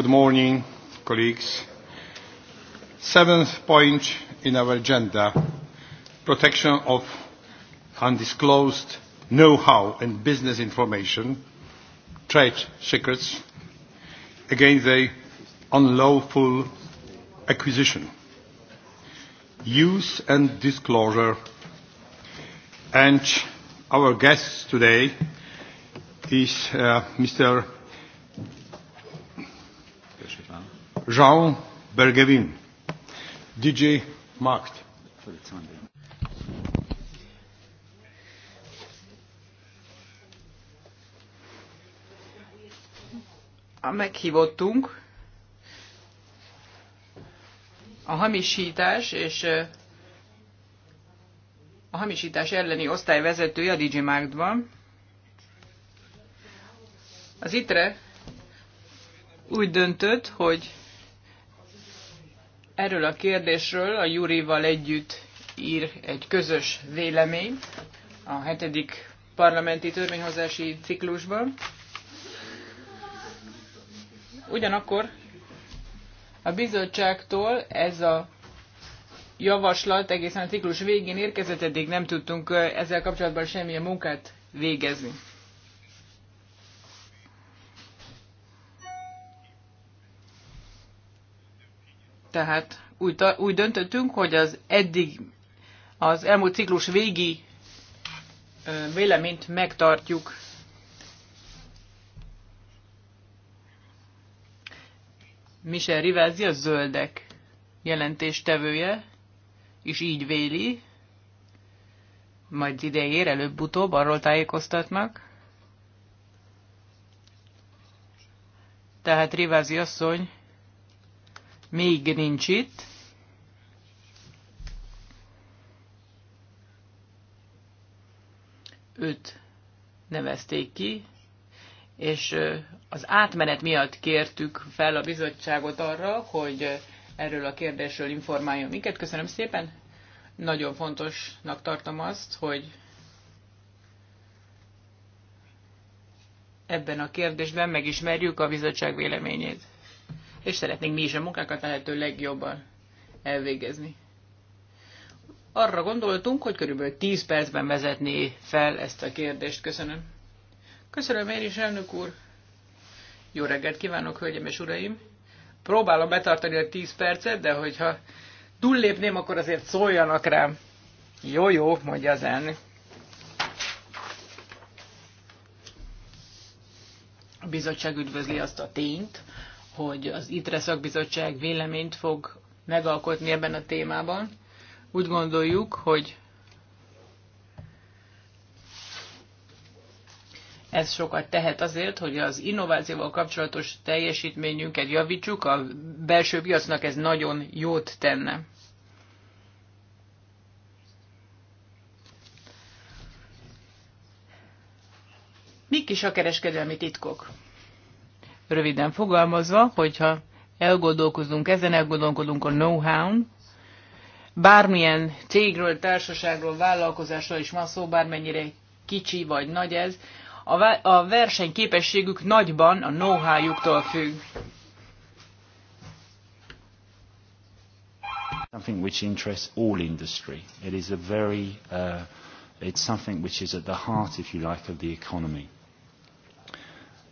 Good morning, colleagues. Seventh point in our agenda, protection of undisclosed know-how and business information, trade secrets, against the unlawful acquisition, use and disclosure. And our guest today is uh, Mr. João Bergevin, DJ Markt. A meghívottunk a hamisítás és a hamisítás elleni osztály vezetője a DJ Marktban. Az ITRE úgy döntött, hogy erről a kérdésről a Jurival együtt ír egy közös vélemény a hetedik parlamenti törvényhozási ciklusban. Ugyanakkor a bizottságtól ez a javaslat egészen a ciklus végén érkezett, eddig nem tudtunk eh, ezzel kapcsolatban semmilyen munkát végezni. Tehát úgy, úgy döntöttünk, hogy az eddig, az elmúlt ciklus végi véleményt megtartjuk. Michel Rivázi a zöldek jelentéstevője, és így véli, majd ide ér, előbb-utóbb arról tájékoztatnak. Tehát Rivázi asszony még nincs itt. Őt nevezték ki, és az átmenet miatt kértük fel a bizottságot arra, hogy erről a kérdésről informáljon minket. Köszönöm szépen. Nagyon fontosnak tartom azt, hogy ebben a kérdésben megismerjük a bizottság véleményét és szeretnénk mi is a munkákat lehető legjobban elvégezni. Arra gondoltunk, hogy körülbelül 10 percben vezetné fel ezt a kérdést. Köszönöm. Köszönöm én is, elnök úr. Jó reggelt kívánok, hölgyem és uraim. Próbálom betartani a 10 percet, de hogyha túllépném, akkor azért szóljanak rám. Jó, jó, mondja az elnök. A bizottság üdvözli azt a tényt, hogy az ITRE szakbizottság véleményt fog megalkotni ebben a témában. Úgy gondoljuk, hogy ez sokat tehet azért, hogy az innovációval kapcsolatos teljesítményünket javítsuk, a belső piacnak ez nagyon jót tenne. Mik is a kereskedelmi titkok? Röviden fogalmazva, hogyha elgondolkozunk ezen, elgondolkodunk a know-how-n, bármilyen cégről, társaságról, vállalkozásról is van szó, bármennyire kicsi vagy nagy ez, a, versenyképességük nagyban a know-how-juktól függ. Something which interests all industry. It is a very, uh, it's something which is at the heart, if you like, of the economy.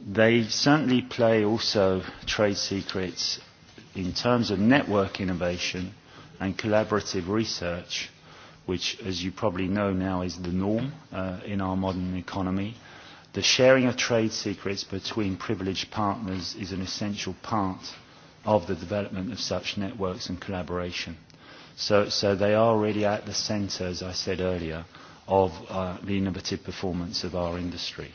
They certainly play also trade secrets in terms of network innovation and collaborative research, which, as you probably know now, is the norm uh, in our modern economy. The sharing of trade secrets between privileged partners is an essential part of the development of such networks and collaboration. So, so they are really at the centre, as I said earlier, of uh, the innovative performance of our industry.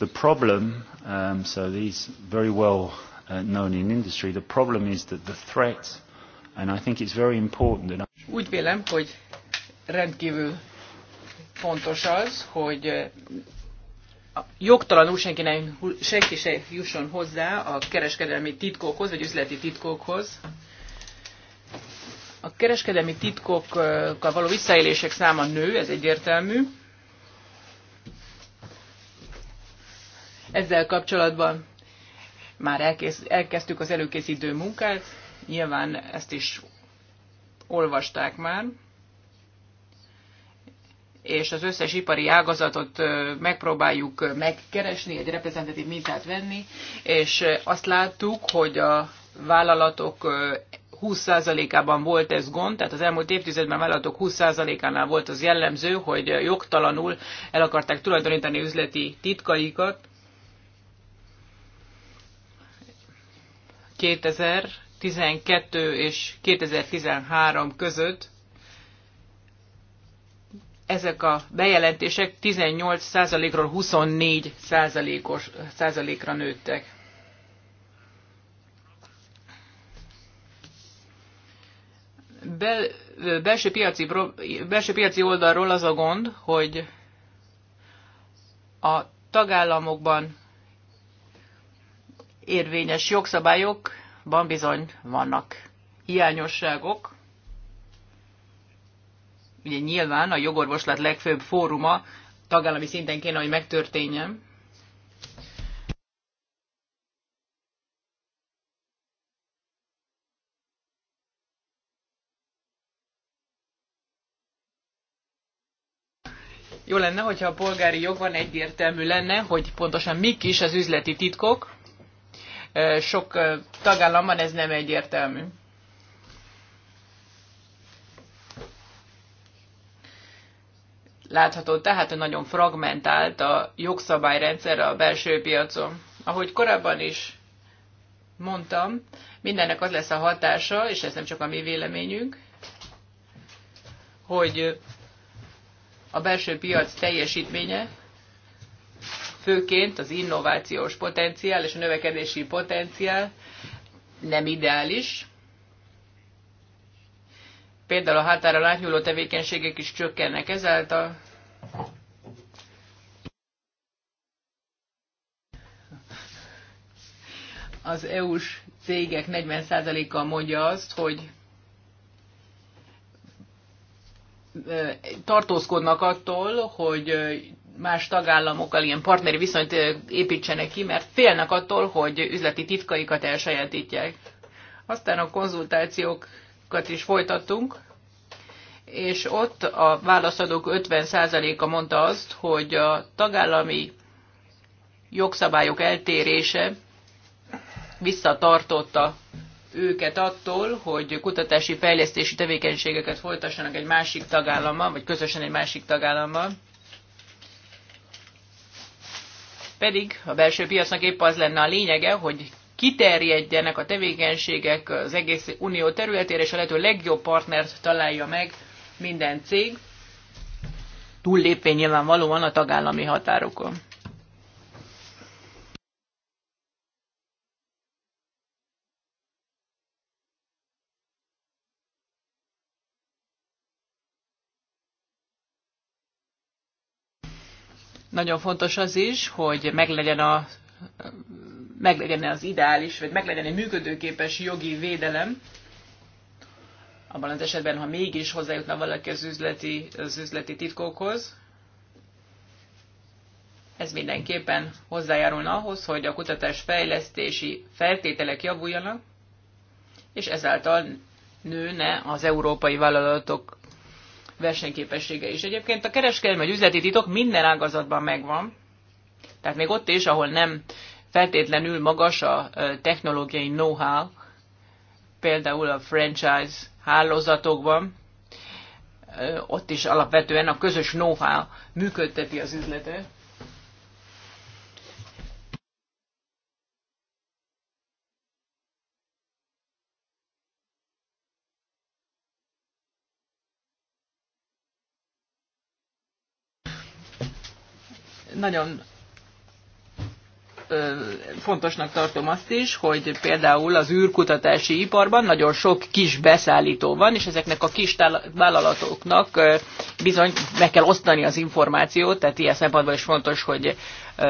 The problem, um, so these very well uh, known in industry, the problem is that the threat, and I think it's very important that... Úgy vélem, hogy rendkívül fontos az, hogy uh, jogtalanul senki, nem, senki se jusson hozzá a kereskedelmi titkokhoz, vagy üzleti titkokhoz. A kereskedelmi titkokkal való visszaélések száma nő, ez egyértelmű. ezzel kapcsolatban már elkész, elkezdtük az előkészítő munkát, nyilván ezt is olvasták már, és az összes ipari ágazatot megpróbáljuk megkeresni, egy reprezentatív mintát venni, és azt láttuk, hogy a vállalatok 20%-ában volt ez gond, tehát az elmúlt évtizedben a vállalatok 20%-ánál volt az jellemző, hogy jogtalanul el akarták tulajdonítani üzleti titkaikat, 2012 és 2013 között ezek a bejelentések 18%-ról 24%-ra nőttek. Bel, belső, piaci, belső piaci oldalról az a gond, hogy a tagállamokban érvényes jogszabályokban bizony vannak hiányosságok. Ugye nyilván a jogorvoslat legfőbb fóruma tagállami szinten kéne, hogy megtörténjen. Jó lenne, hogyha a polgári jogban egyértelmű lenne, hogy pontosan mik is az üzleti titkok, sok tagállamban ez nem egyértelmű. Látható tehát, hogy nagyon fragmentált a jogszabályrendszer a belső piacon. Ahogy korábban is mondtam, mindennek az lesz a hatása, és ez nem csak a mi véleményünk, hogy a belső piac teljesítménye főként az innovációs potenciál és a növekedési potenciál nem ideális. Például a határa átnyúló tevékenységek is csökkennek ezáltal. Az EU-s cégek 40%-a mondja azt, hogy tartózkodnak attól, hogy más tagállamokkal ilyen partneri viszonyt építsenek ki, mert félnek attól, hogy üzleti titkaikat elsajátítják. Aztán a konzultációkat is folytattunk, és ott a válaszadók 50%-a mondta azt, hogy a tagállami jogszabályok eltérése visszatartotta őket attól, hogy kutatási fejlesztési tevékenységeket folytassanak egy másik tagállammal, vagy közösen egy másik tagállammal. Pedig a belső piacnak épp az lenne a lényege, hogy kiterjedjenek a tevékenységek az egész unió területére, és a lehető legjobb partnert találja meg minden cég, túllépén nyilvánvalóan a tagállami határokon. Nagyon fontos az is, hogy meglegyen a meglegyen az ideális, vagy meglegyen egy működőképes jogi védelem, abban az esetben, ha mégis hozzájutna valaki az üzleti, az üzleti titkokhoz, ez mindenképpen hozzájárulna ahhoz, hogy a kutatás fejlesztési feltételek javuljanak, és ezáltal nőne az európai vállalatok versenyképessége is. Egyébként a kereskedelmi vagy üzleti titok minden ágazatban megvan, tehát még ott is, ahol nem feltétlenül magas a technológiai know-how, például a franchise hálózatokban, ott is alapvetően a közös know-how működteti az üzletet. Nagyon fontosnak tartom azt is, hogy például az űrkutatási iparban nagyon sok kis beszállító van, és ezeknek a kis vállalatoknak bizony meg kell osztani az információt, tehát ilyen szempontból is fontos, hogy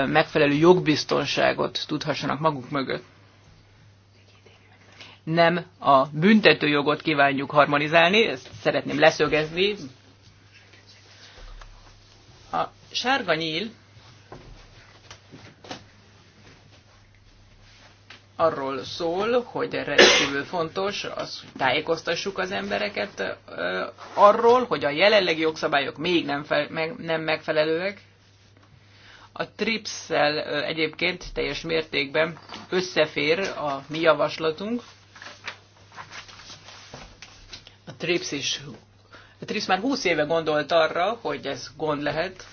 megfelelő jogbiztonságot tudhassanak maguk mögött. Nem a büntetőjogot kívánjuk harmonizálni, ezt szeretném leszögezni. A sárga nyíl arról szól, hogy rendkívül fontos az, hogy tájékoztassuk az embereket arról, hogy a jelenlegi jogszabályok még nem, fel, meg, nem megfelelőek. A TRIPS-szel egyébként teljes mértékben összefér a mi javaslatunk. A TRIPS is a TRIPS már 20 éve gondolt arra, hogy ez gond lehet,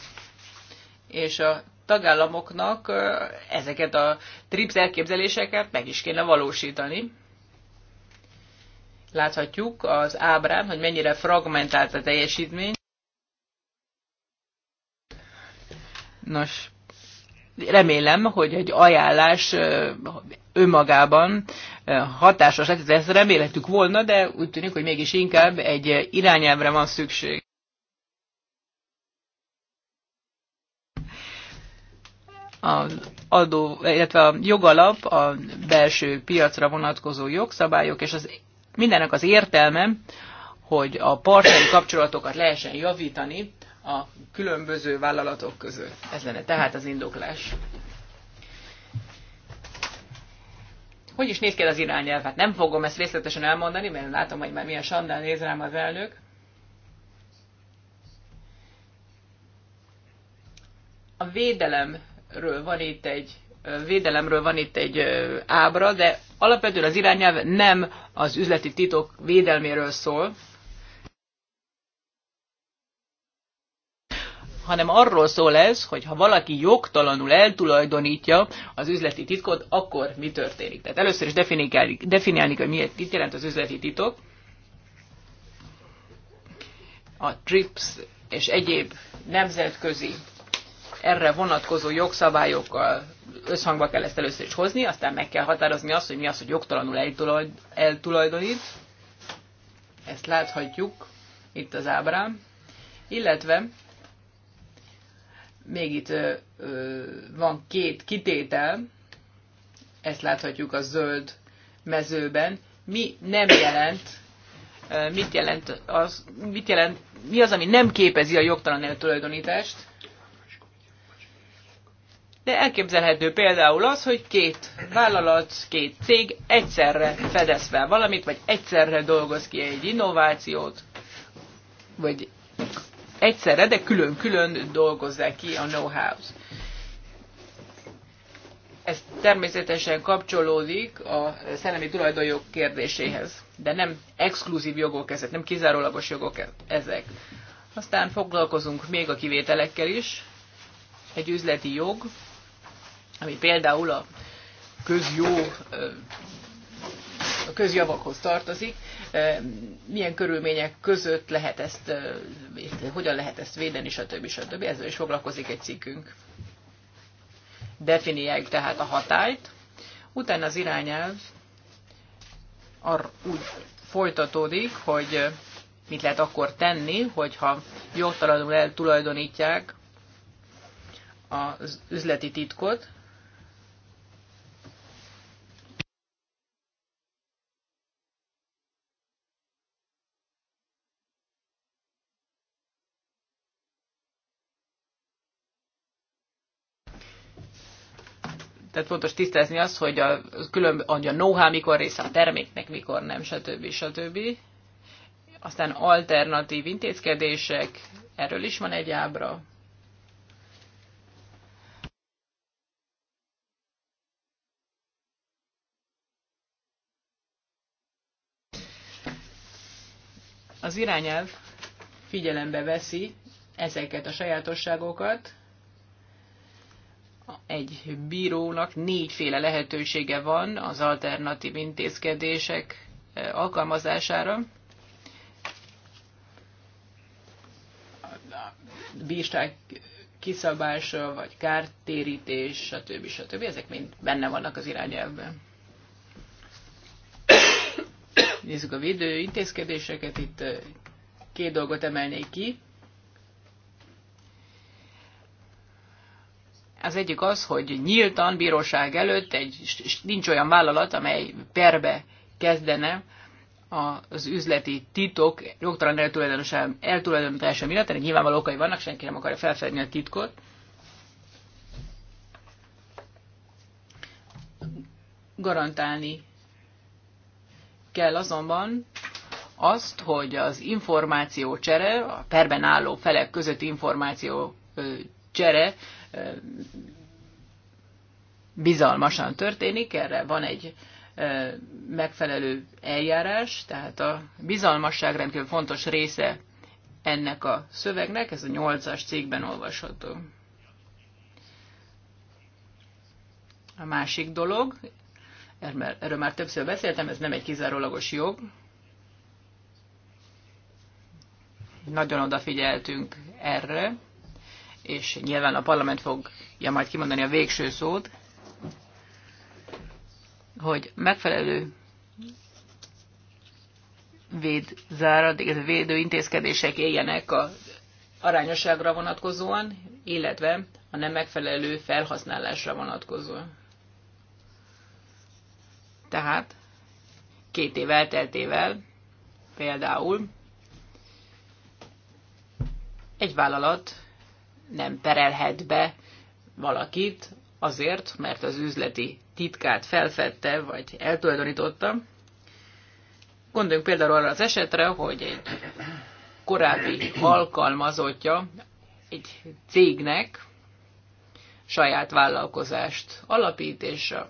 és a tagállamoknak ezeket a TRIPS elképzeléseket meg is kéne valósítani. Láthatjuk az ábrán, hogy mennyire fragmentált a teljesítmény. Nos, remélem, hogy egy ajánlás önmagában hatásos lett, ez remélhetük volna, de úgy tűnik, hogy mégis inkább egy irányelvre van szükség. az adó, illetve a jogalap a belső piacra vonatkozó jogszabályok, és az, mindennek az értelme, hogy a partneri kapcsolatokat lehessen javítani a különböző vállalatok között. Ez lenne tehát az indoklás. Hogy is néz ki az irányelv? Hát nem fogom ezt részletesen elmondani, mert látom, hogy már milyen sandál néz rám az elnök. A védelem ről van itt egy védelemről van itt egy ábra, de alapvetően az irányelv nem az üzleti titok védelméről szól, hanem arról szól ez, hogy ha valaki jogtalanul eltulajdonítja az üzleti titkot, akkor mi történik. Tehát először is definiálni, definiálni hogy mit jelent az üzleti titok. A TRIPS és egyéb nemzetközi erre vonatkozó jogszabályokkal összhangba kell ezt először is hozni, aztán meg kell határozni azt, hogy mi az, hogy jogtalanul eltulajdonít. Ezt láthatjuk itt az ábrán. Illetve még itt ö, van két kitétel, ezt láthatjuk a zöld mezőben. Mi nem jelent, mit jelent az, mit jelent, mi az, ami nem képezi a jogtalan eltulajdonítást? de elképzelhető például az, hogy két vállalat, két cég egyszerre fedez fel valamit, vagy egyszerre dolgoz ki egy innovációt, vagy egyszerre, de külön-külön dolgozzák ki a know-how-t. Ez természetesen kapcsolódik a szellemi tulajdonjog kérdéséhez, de nem exkluzív jogok ezek, nem kizárólagos jogok ezek. Aztán foglalkozunk még a kivételekkel is. Egy üzleti jog, ami például a közjó a közjavakhoz tartozik, milyen körülmények között lehet ezt, hogyan lehet ezt védeni, stb. stb. Ezzel is foglalkozik egy cikkünk. Definiáljuk tehát a hatályt, utána az irányelv arra úgy folytatódik, hogy mit lehet akkor tenni, hogyha jogtalanul eltulajdonítják az üzleti titkot, Tehát fontos tisztázni azt, hogy a, külön, hogy a know-how mikor része a terméknek, mikor nem, stb. stb. Aztán alternatív intézkedések, erről is van egy ábra. Az irányelv figyelembe veszi ezeket a sajátosságokat, egy bírónak négyféle lehetősége van az alternatív intézkedések eh, alkalmazására. Bírság kiszabása, vagy kártérítés, stb. stb. Ezek mind benne vannak az irányelvben. Nézzük a védő intézkedéseket. Itt eh, két dolgot emelnék ki. Az egyik az, hogy nyíltan bíróság előtt egy, nincs olyan vállalat, amely perbe kezdene az üzleti titok jogtalan eltulajdonítása miatt, ennek nyilvánvaló okai vannak, senki nem akarja felfedni a titkot. Garantálni kell azonban azt, hogy az információ csere, a perben álló felek közötti információ csere bizalmasan történik, erre van egy megfelelő eljárás, tehát a bizalmasság rendkívül fontos része ennek a szövegnek, ez a nyolcas cikkben olvasható. A másik dolog, erről már többször beszéltem, ez nem egy kizárólagos jog. Nagyon odafigyeltünk erre, és nyilván a parlament fogja majd kimondani a végső szót, hogy megfelelő védzáradék, illetve védő intézkedések éljenek a arányosságra vonatkozóan, illetve a nem megfelelő felhasználásra vonatkozóan. Tehát két év elteltével például egy vállalat nem perelhet be valakit azért, mert az üzleti titkát felfedte, vagy eltulajdonította. Gondoljunk például arra az esetre, hogy egy korábbi alkalmazottja egy cégnek saját vállalkozást alapít, és a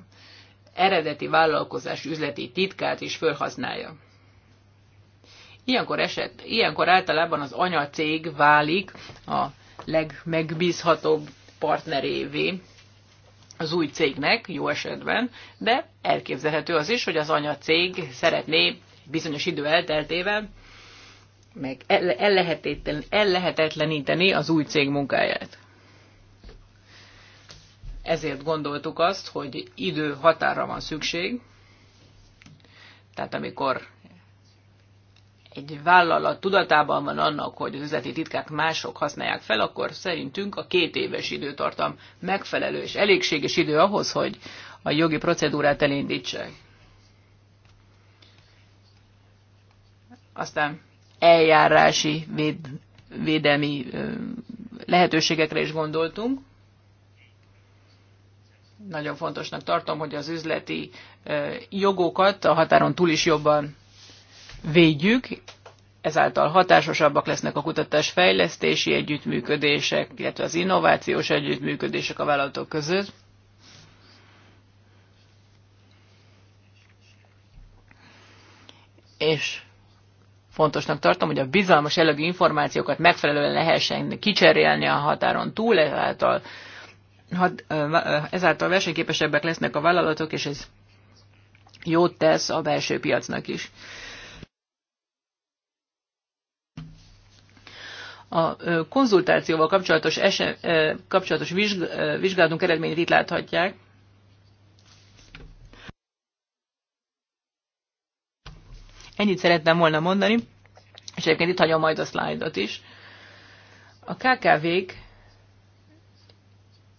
eredeti vállalkozás üzleti titkát is felhasználja. Ilyenkor, eset, ilyenkor általában az anyacég válik a legmegbízhatóbb partnerévé az új cégnek, jó esetben, de elképzelhető az is, hogy az anyacég szeretné bizonyos idő elteltével meg ellehetetleníteni az új cég munkáját. Ezért gondoltuk azt, hogy idő határa van szükség, tehát amikor egy vállalat tudatában van annak, hogy az üzleti titkák mások használják fel, akkor szerintünk a két éves időtartam megfelelő és elégséges idő ahhoz, hogy a jogi procedúrát elindítsák. Aztán eljárási véd, védelmi lehetőségekre is gondoltunk. Nagyon fontosnak tartom, hogy az üzleti jogokat a határon túl is jobban védjük, ezáltal hatásosabbak lesznek a kutatás fejlesztési együttműködések, illetve az innovációs együttműködések a vállalatok között. És fontosnak tartom, hogy a bizalmas jellegű információkat megfelelően lehessen kicserélni a határon túl, ezáltal, ezáltal versenyképesebbek lesznek a vállalatok, és ez jót tesz a belső piacnak is. A konzultációval kapcsolatos, esem, kapcsolatos vizsg, vizsgálatunk eredményét itt láthatják. Ennyit szerettem volna mondani, és egyébként itt hagyom majd a szlájdot is. A KKV-k,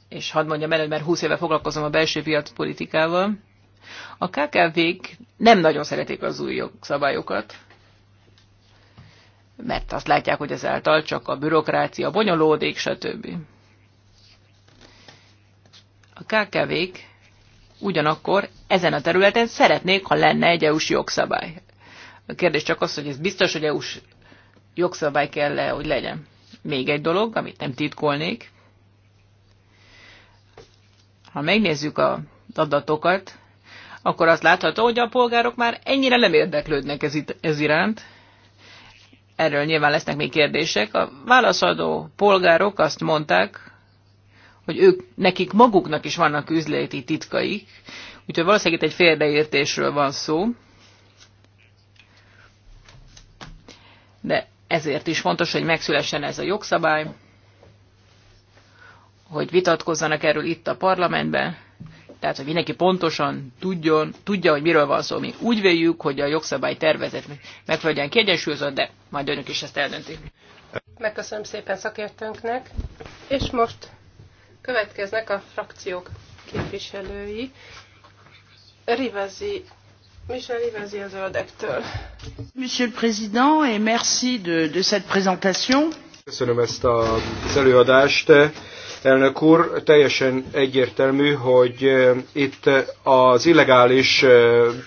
és hadd mondjam előtt, mert 20 éve foglalkozom a belső piac politikával, a KKV-k nem nagyon szeretik az új jogszabályokat mert azt látják, hogy ezáltal csak a bürokrácia bonyolódik, stb. A KKV-k ugyanakkor ezen a területen szeretnék, ha lenne egy EU-s jogszabály. A kérdés csak az, hogy ez biztos, hogy EU-s jogszabály kell -e, hogy legyen. Még egy dolog, amit nem titkolnék. Ha megnézzük az adatokat, akkor azt látható, hogy a polgárok már ennyire nem érdeklődnek ez, ez iránt, erről nyilván lesznek még kérdések. A válaszadó polgárok azt mondták, hogy ők, nekik maguknak is vannak üzleti titkaik, úgyhogy valószínűleg itt egy félbeértésről van szó. De ezért is fontos, hogy megszülessen ez a jogszabály, hogy vitatkozzanak erről itt a parlamentben, tehát hogy mindenki pontosan tudjon, tudja, hogy miről van szó. Mi úgy véljük, hogy a jogszabály tervezet megfelelően kiegyensúlyozott, de majd önök is ezt eldöntik. Megköszönöm szépen szakértőnknek, és most következnek a frakciók képviselői. Rivazi Michel Rivazi a zöldektől. Monsieur le Président, et merci de, de cette présentation. Köszönöm ezt az előadást Elnök úr, teljesen egyértelmű, hogy itt az illegális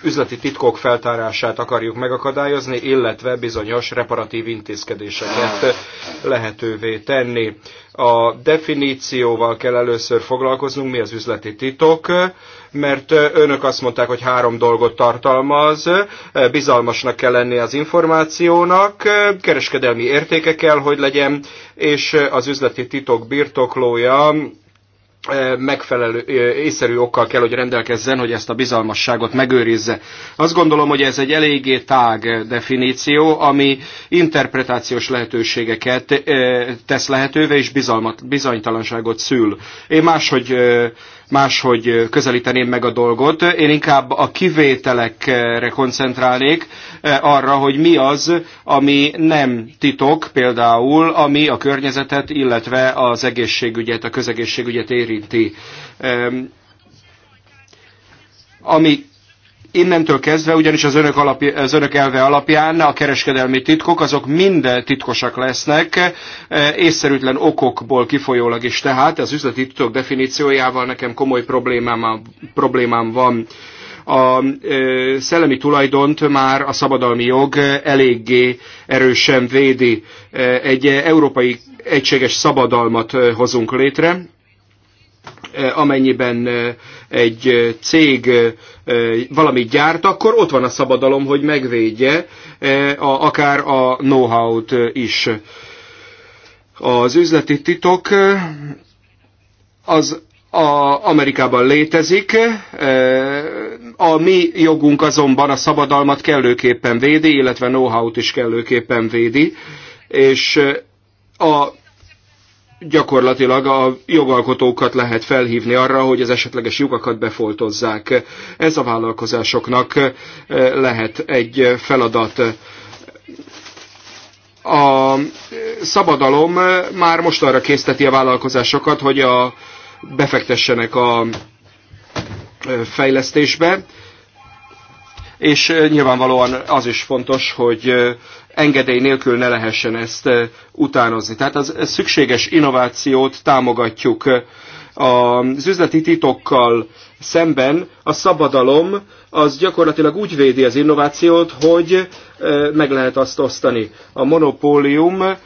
üzleti titkok feltárását akarjuk megakadályozni, illetve bizonyos reparatív intézkedéseket lehetővé tenni a definícióval kell először foglalkoznunk, mi az üzleti titok, mert önök azt mondták, hogy három dolgot tartalmaz, bizalmasnak kell lenni az információnak, kereskedelmi értéke kell, hogy legyen, és az üzleti titok birtoklója megfelelő, észszerű okkal kell, hogy rendelkezzen, hogy ezt a bizalmasságot megőrizze. Azt gondolom, hogy ez egy eléggé tág definíció, ami interpretációs lehetőségeket tesz lehetővé, és bizalmat, bizonytalanságot szül. Én máshogy máshogy közelíteném meg a dolgot. Én inkább a kivételekre koncentrálnék arra, hogy mi az, ami nem titok, például ami a környezetet, illetve az egészségügyet, a közegészségügyet érinti. Ami Innentől kezdve ugyanis az önök, alapja, az önök elve alapján a kereskedelmi titkok azok mind titkosak lesznek, e, észszerűtlen okokból kifolyólag is. Tehát az üzleti titok definíciójával nekem komoly problémám, problémám van a e, szellemi tulajdont már a szabadalmi jog eléggé erősen védi. E, egy európai egységes szabadalmat hozunk létre, Eh, amennyiben eh, egy eh, cég valamit gyárt, akkor ott van a szabadalom, hogy megvédje a, akár a know-how-t is. Az üzleti titok az a Amerikában létezik, a mi jogunk azonban a szabadalmat kellőképpen védi, illetve know-how-t is kellőképpen védi, és a gyakorlatilag a jogalkotókat lehet felhívni arra, hogy az esetleges lyukakat befoltozzák. Ez a vállalkozásoknak eh, lehet egy feladat. A szabadalom eh, már most arra készteti a vállalkozásokat, hogy a, befektessenek a eh, fejlesztésbe, és nyilvánvalóan az is fontos, hogy engedély nélkül ne lehessen ezt eh, utánozni. Tehát az szükséges innovációt támogatjuk. Az üzleti titokkal szemben a szabadalom az gyakorlatilag úgy védi az innovációt, hogy eh, meg lehet azt osztani. A monopólium eh,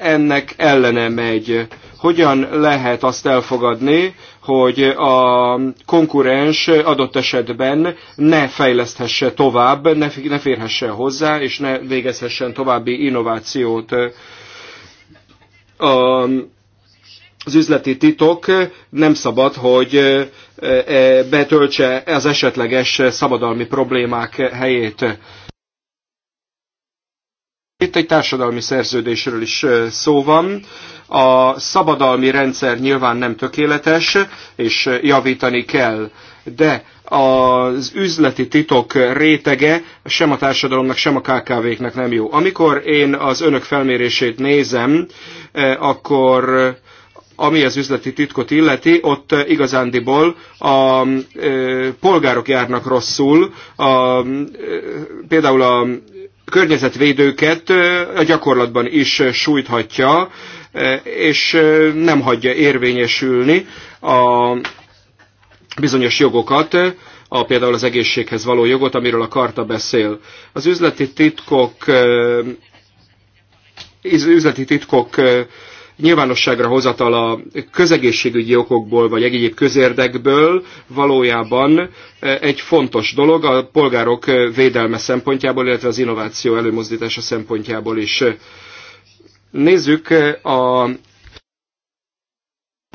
ennek ellene megy. Hogyan lehet azt elfogadni, hogy a konkurens adott esetben ne fejleszthesse tovább, ne férhesse hozzá, és ne végezhessen további innovációt. A, az üzleti titok nem szabad, hogy e, e, betöltse az esetleges szabadalmi problémák helyét. Itt egy társadalmi szerződésről is e, szó van. A szabadalmi rendszer nyilván nem tökéletes, és javítani kell, de az üzleti titok rétege sem a társadalomnak, sem a KKV-knek nem jó. Amikor én az önök felmérését nézem, eh, akkor eh, ami az üzleti titkot illeti, ott eh, igazándiból a polgárok járnak rosszul, a, például a környezetvédőket a gyakorlatban is sújthatja E, és e, nem hagyja érvényesülni a bizonyos jogokat, e, a, például az egészséghez való jogot, amiről a karta beszél. Az üzleti titkok, üzleti titkok nyilvánosságra hozatala közegészségügyi okokból, vagy egyéb közérdekből valójában egy fontos dolog a polgárok védelme szempontjából, illetve az innováció előmozdítása szempontjából is. Nézzük eh, a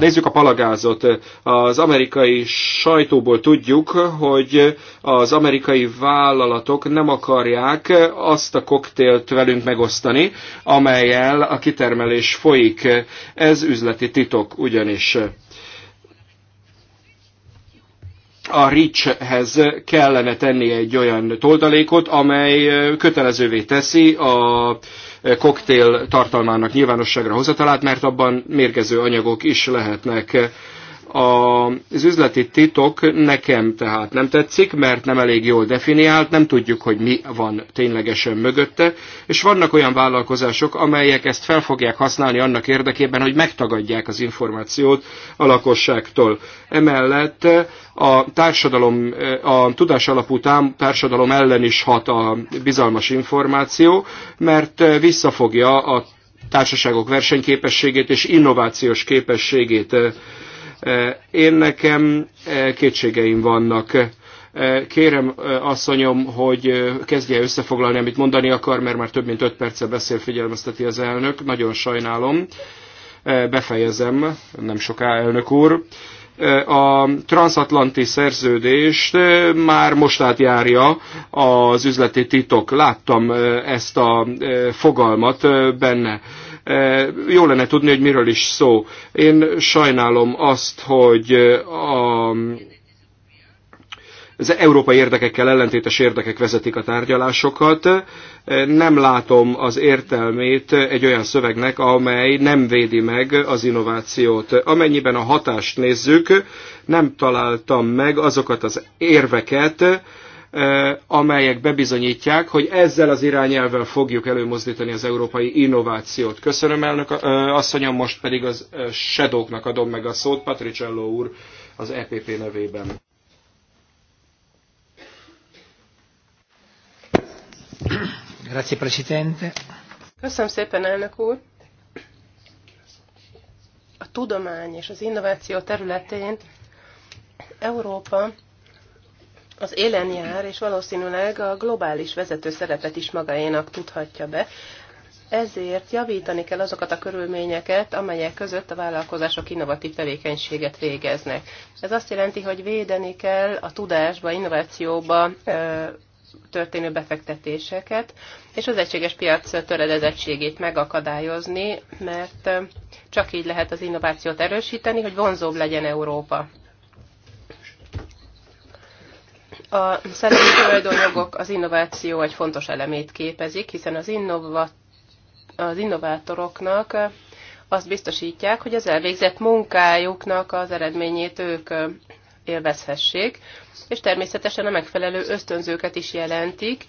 Nézzük a palagázot. Az amerikai sajtóból tudjuk, hogy az amerikai vállalatok nem akarják azt a koktélt velünk megosztani, amelyel a kitermelés folyik. Ez üzleti titok ugyanis. A REACH-hez kellene tenni egy olyan toldalékot, amely kötelezővé teszi a koktél tartalmának nyilvánosságra hozatalát, mert abban mérgező anyagok is lehetnek az üzleti titok nekem tehát nem tetszik, mert nem elég jól definiált, nem tudjuk, hogy mi van ténylegesen mögötte, és vannak olyan vállalkozások, amelyek ezt fel fogják használni annak érdekében, hogy megtagadják az információt a lakosságtól. Emellett a társadalom, a tudás alapú társadalom ellen is hat a bizalmas információ, mert visszafogja a társaságok versenyképességét és innovációs képességét én nekem kétségeim vannak. Kérem, asszonyom, hogy kezdje összefoglalni, amit mondani akar, mert már több mint öt perce beszél, figyelmezteti az elnök. Nagyon sajnálom. Befejezem, nem soká, elnök úr a transatlanti szerződést már most átjárja az üzleti titok. Láttam ezt a fogalmat benne. Jó lenne tudni, hogy miről is szó. Én sajnálom azt, hogy a, az európai érdekekkel ellentétes érdekek vezetik a tárgyalásokat. Nem látom az értelmét egy olyan szövegnek, amely nem védi meg az innovációt. Amennyiben a hatást nézzük, nem találtam meg azokat az érveket, amelyek bebizonyítják, hogy ezzel az irányelvvel fogjuk előmozdítani az európai innovációt. Köszönöm elnök asszonyom, most pedig az Shadowknak adom meg a szót, Patricello úr az EPP nevében. Grazie, Presidente. Köszönöm szépen, elnök úr. A tudomány és az innováció területén Európa az élen jár, és valószínűleg a globális vezető szerepet is magáénak tudhatja be. Ezért javítani kell azokat a körülményeket, amelyek között a vállalkozások innovatív tevékenységet végeznek. Ez azt jelenti, hogy védeni kell a tudásba, innovációba történő befektetéseket, és az egységes piac töredezettségét megakadályozni, mert csak így lehet az innovációt erősíteni, hogy vonzóbb legyen Európa. A szellemi tulajdonjogok az innováció egy fontos elemét képezik, hiszen az, innova, az innovátoroknak azt biztosítják, hogy az elvégzett munkájuknak az eredményét ők élvezhessék, és természetesen a megfelelő ösztönzőket is jelentik,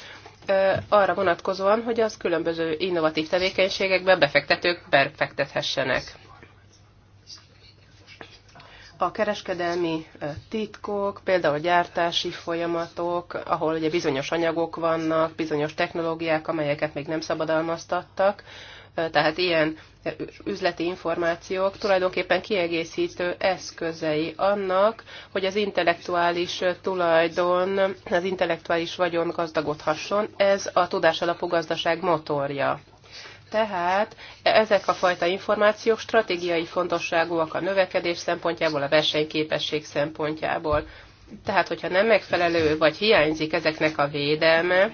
arra vonatkozóan, hogy az különböző innovatív tevékenységekbe befektetők befektethessenek a kereskedelmi titkok, például gyártási folyamatok, ahol ugye bizonyos anyagok vannak, bizonyos technológiák, amelyeket még nem szabadalmaztattak, tehát ilyen üzleti információk tulajdonképpen kiegészítő eszközei annak, hogy az intellektuális tulajdon, az intellektuális vagyon gazdagodhasson. Ez a tudásalapú gazdaság motorja. Tehát ezek a fajta információk stratégiai fontosságúak a növekedés szempontjából, a versenyképesség szempontjából. Tehát, hogyha nem megfelelő vagy hiányzik ezeknek a védelme,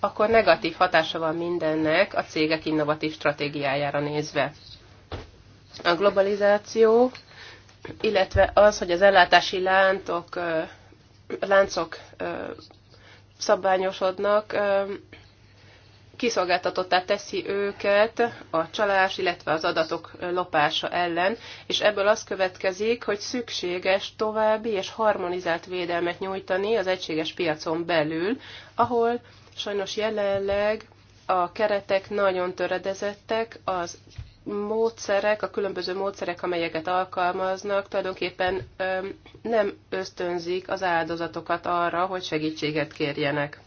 akkor negatív hatása van mindennek a cégek innovatív stratégiájára nézve. A globalizáció, illetve az, hogy az ellátási lántok, láncok szabványosodnak, kiszolgáltatottá teszi őket a csalás, illetve az adatok lopása ellen, és ebből az következik, hogy szükséges további és harmonizált védelmet nyújtani az egységes piacon belül, ahol sajnos jelenleg a keretek nagyon töredezettek, az módszerek, a különböző módszerek, amelyeket alkalmaznak, tulajdonképpen nem ösztönzik az áldozatokat arra, hogy segítséget kérjenek.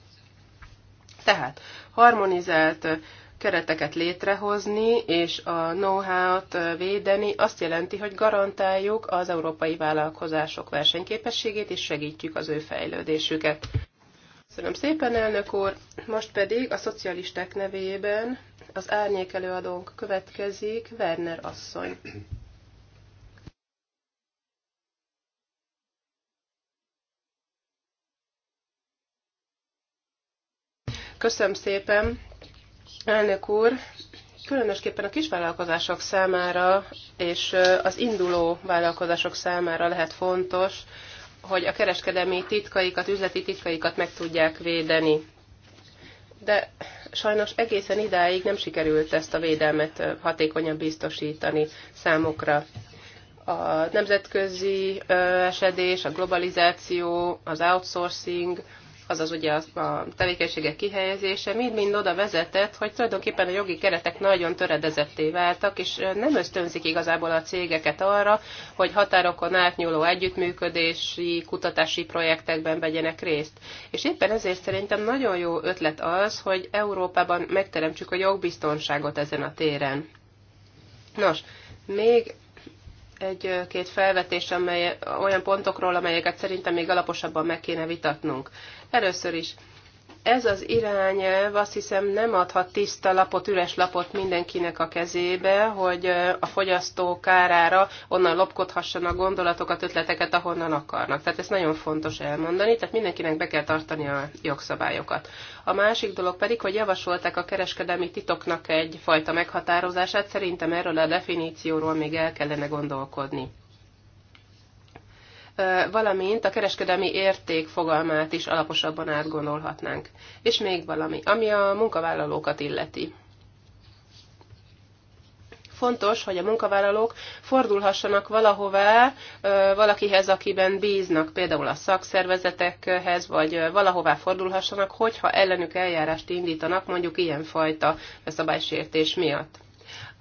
Tehát harmonizált kereteket létrehozni és a know-how-t védeni azt jelenti, hogy garantáljuk az európai vállalkozások versenyképességét és segítjük az ő fejlődésüket. Köszönöm szépen, elnök úr! Most pedig a szocialisták nevében az árnyékelőadónk következik, Werner asszony. Köszönöm szépen, elnök úr. Különösképpen a kisvállalkozások számára és az induló vállalkozások számára lehet fontos, hogy a kereskedelmi titkaikat, üzleti titkaikat meg tudják védeni. De sajnos egészen idáig nem sikerült ezt a védelmet hatékonyan biztosítani számukra. A nemzetközi esedés, a globalizáció, az outsourcing, azaz ugye a, a tevékenységek kihelyezése, mind-mind oda vezetett, hogy tulajdonképpen a jogi keretek nagyon töredezetté váltak, és nem ösztönzik igazából a cégeket arra, hogy határokon átnyúló együttműködési, kutatási projektekben vegyenek részt. És éppen ezért szerintem nagyon jó ötlet az, hogy Európában megteremtsük a jogbiztonságot ezen a téren. Nos, még egy-két felvetés amely, olyan pontokról, amelyeket szerintem még alaposabban meg kéne vitatnunk. Először is ez az irányelv azt hiszem nem adhat tiszta lapot, üres lapot mindenkinek a kezébe, hogy a fogyasztó kárára onnan lopkodhassanak gondolatokat, ötleteket, ahonnan akarnak. Tehát ez nagyon fontos elmondani, tehát mindenkinek be kell tartani a jogszabályokat. A másik dolog pedig, hogy javasolták a kereskedelmi titoknak egyfajta meghatározását, szerintem erről a definícióról még el kellene gondolkodni valamint a kereskedelmi érték fogalmát is alaposabban átgondolhatnánk. És még valami, ami a munkavállalókat illeti fontos, hogy a munkavállalók fordulhassanak valahová, valakihez, akiben bíznak, például a szakszervezetekhez, vagy valahová fordulhassanak, hogyha ellenük eljárást indítanak, mondjuk ilyenfajta szabálysértés miatt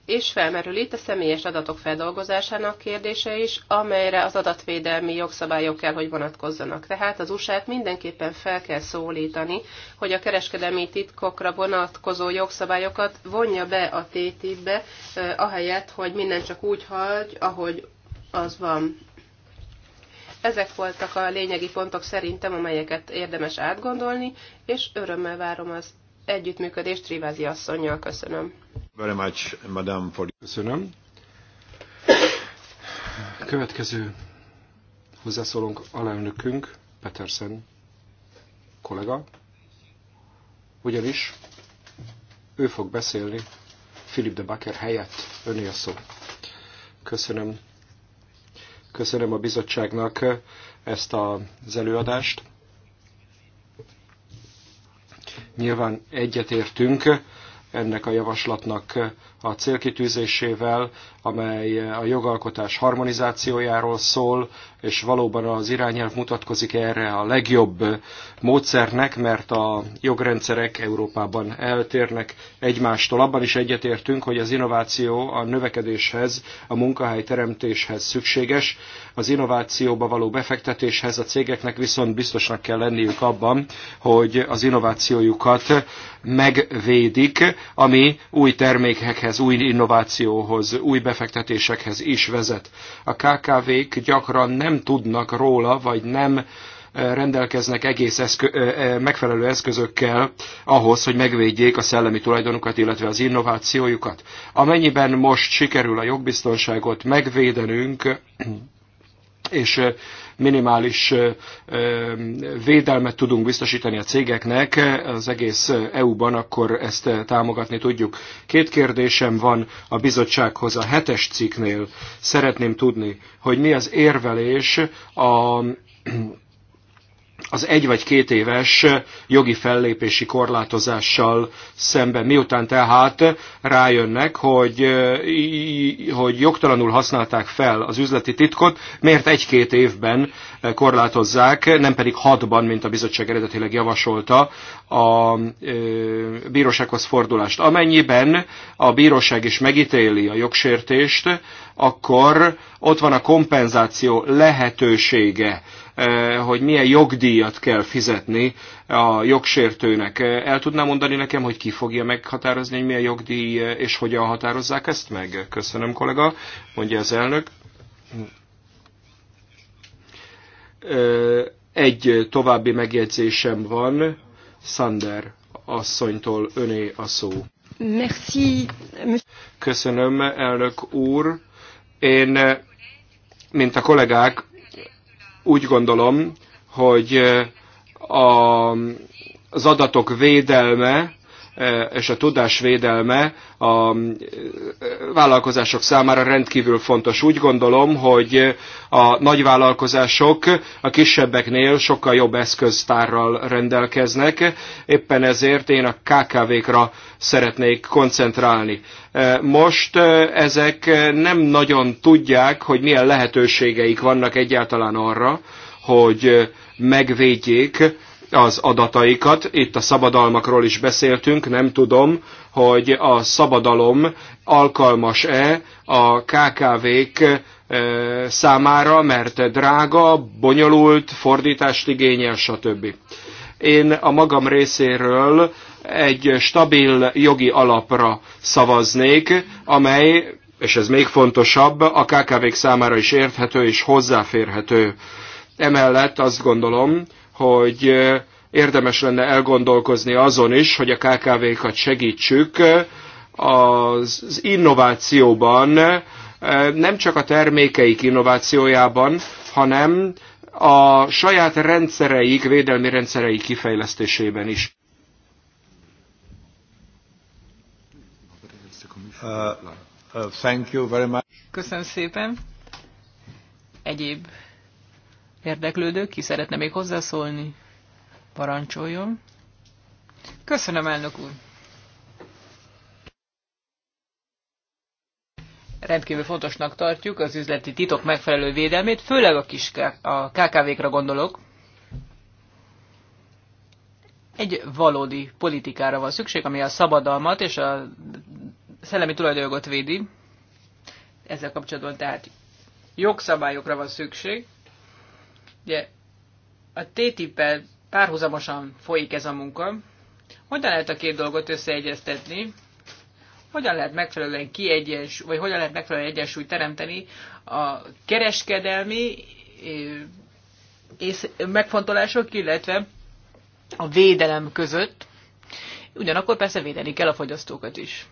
és felmerül itt a személyes adatok feldolgozásának kérdése is, amelyre az adatvédelmi jogszabályok kell, hogy vonatkozzanak. Tehát az usa mindenképpen fel kell szólítani, hogy a kereskedelmi titkokra vonatkozó jogszabályokat vonja be a TTIP-be, eh, ahelyett, hogy minden csak úgy hagy, ahogy az van. Ezek voltak a lényegi pontok szerintem, amelyeket érdemes átgondolni, és örömmel várom az együttműködést Rivázi asszonynal. Köszönöm. Very much, madame, for... Köszönöm. Következő hozzászólunk alelnökünk, Petersen kollega, ugyanis ő fog beszélni Philip de Bakker helyett öné a szó. Köszönöm. Köszönöm a bizottságnak ezt az előadást. Nyilván egyetértünk ennek a javaslatnak a célkitűzésével, amely a jogalkotás harmonizációjáról szól, és valóban az irányelv mutatkozik erre a legjobb módszernek, mert a jogrendszerek Európában eltérnek egymástól. Abban is egyetértünk, hogy az innováció a növekedéshez, a munkahely teremtéshez szükséges, az innovációba való befektetéshez a cégeknek viszont biztosnak kell lenniük abban, hogy az innovációjukat megvédik, ami új termékekhez ez új innovációhoz, új befektetésekhez is vezet. A KKV-k gyakran nem tudnak róla, vagy nem eh, rendelkeznek egész eszkö, eh, eh, megfelelő eszközökkel ahhoz, hogy megvédjék a szellemi tulajdonukat, illetve az innovációjukat. Amennyiben most sikerül a jogbiztonságot megvédenünk, és minimális védelmet tudunk biztosítani a cégeknek az egész EU-ban, akkor ezt támogatni tudjuk. Két kérdésem van a bizottsághoz a hetes cikknél. Szeretném tudni, hogy mi az érvelés a az egy vagy két éves jogi fellépési korlátozással szemben. Miután tehát rájönnek, hogy, hogy jogtalanul használták fel az üzleti titkot, miért egy-két évben korlátozzák, nem pedig hatban, mint a bizottság eredetileg javasolta a bírósághoz fordulást. Amennyiben a bíróság is megítéli a jogsértést, akkor ott van a kompenzáció lehetősége Eh, hogy milyen jogdíjat kell fizetni a jogsértőnek. El tudná mondani nekem, hogy ki fogja meghatározni, hogy milyen jogdíj, eh, és hogyan határozzák ezt meg? Köszönöm, kollega, mondja az elnök. Eh, egy további megjegyzésem van, Sander asszonytól öné a szó. Merci. Köszönöm, elnök úr. Én, mint a kollégák, úgy gondolom, hogy eh, a, az adatok védelme és a tudás védelme a vállalkozások számára rendkívül fontos. Úgy gondolom, hogy a nagyvállalkozások a kisebbeknél sokkal jobb eszköztárral rendelkeznek, éppen ezért én a KKV-kra szeretnék koncentrálni. Most ezek nem nagyon tudják, hogy milyen lehetőségeik vannak egyáltalán arra, hogy megvédjék az adataikat. Itt a szabadalmakról is beszéltünk, nem tudom, hogy a szabadalom alkalmas-e a KKV-k számára, mert drága, bonyolult, fordítást igényel, stb. Én a magam részéről egy stabil jogi alapra szavaznék, amely, és ez még fontosabb, a KKV-k számára is érthető és hozzáférhető. Emellett azt gondolom, hogy érdemes lenne elgondolkozni azon is, hogy a KKV-kat segítsük az innovációban, nem csak a termékeik innovációjában, hanem a saját rendszereik, védelmi rendszereik kifejlesztésében is. Uh, uh, thank you very much. Köszönöm szépen. Egyéb Érdeklődő, ki szeretne még hozzászólni? Parancsoljon. Köszönöm, elnök úr. Rendkívül fontosnak tartjuk az üzleti titok megfelelő védelmét, főleg a kis a KKV-kra gondolok. Egy valódi politikára van szükség, ami a szabadalmat és a szellemi tulajdonjogot védi. Ezzel kapcsolatban tehát jogszabályokra van szükség, Ugye a TTIP-el párhuzamosan folyik ez a munka. Hogyan lehet a két dolgot összeegyeztetni? Hogyan lehet megfelelően kiegyens, vagy hogyan lehet megfelelően egyensúlyt teremteni a kereskedelmi és megfontolások, illetve a védelem között. Ugyanakkor persze védeni kell a fogyasztókat is.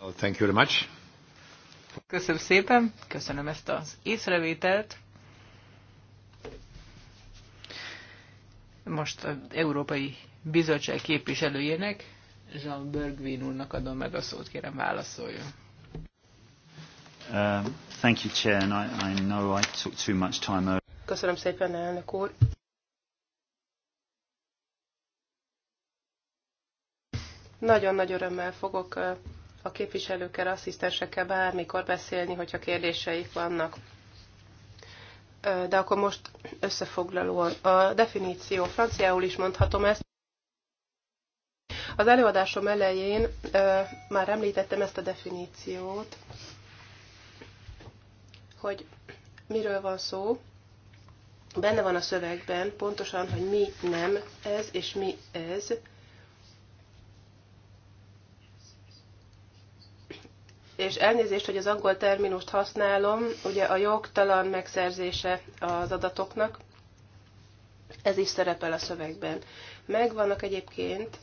Well, thank you very much. Köszönöm szépen, köszönöm ezt az észrevételt. Most az Európai Bizottság képviselőjének, Jean Bergvin úrnak adom meg a szót, kérem válaszoljon. Uh, thank you, Chair, and I, I know I took too much time over. Köszönöm szépen, elnök úr. Nagyon nagy örömmel fogok uh, a képviselőkkel, asszisztensekkel bármikor beszélni, hogyha kérdéseik vannak. De akkor most összefoglalóan a definíció, franciául is mondhatom ezt. Az előadásom elején már említettem ezt a definíciót, hogy miről van szó, benne van a szövegben pontosan, hogy mi nem ez és mi ez, és elnézést, hogy az angol terminust használom, ugye a jogtalan megszerzése az adatoknak, ez is szerepel a szövegben. Megvannak egyébként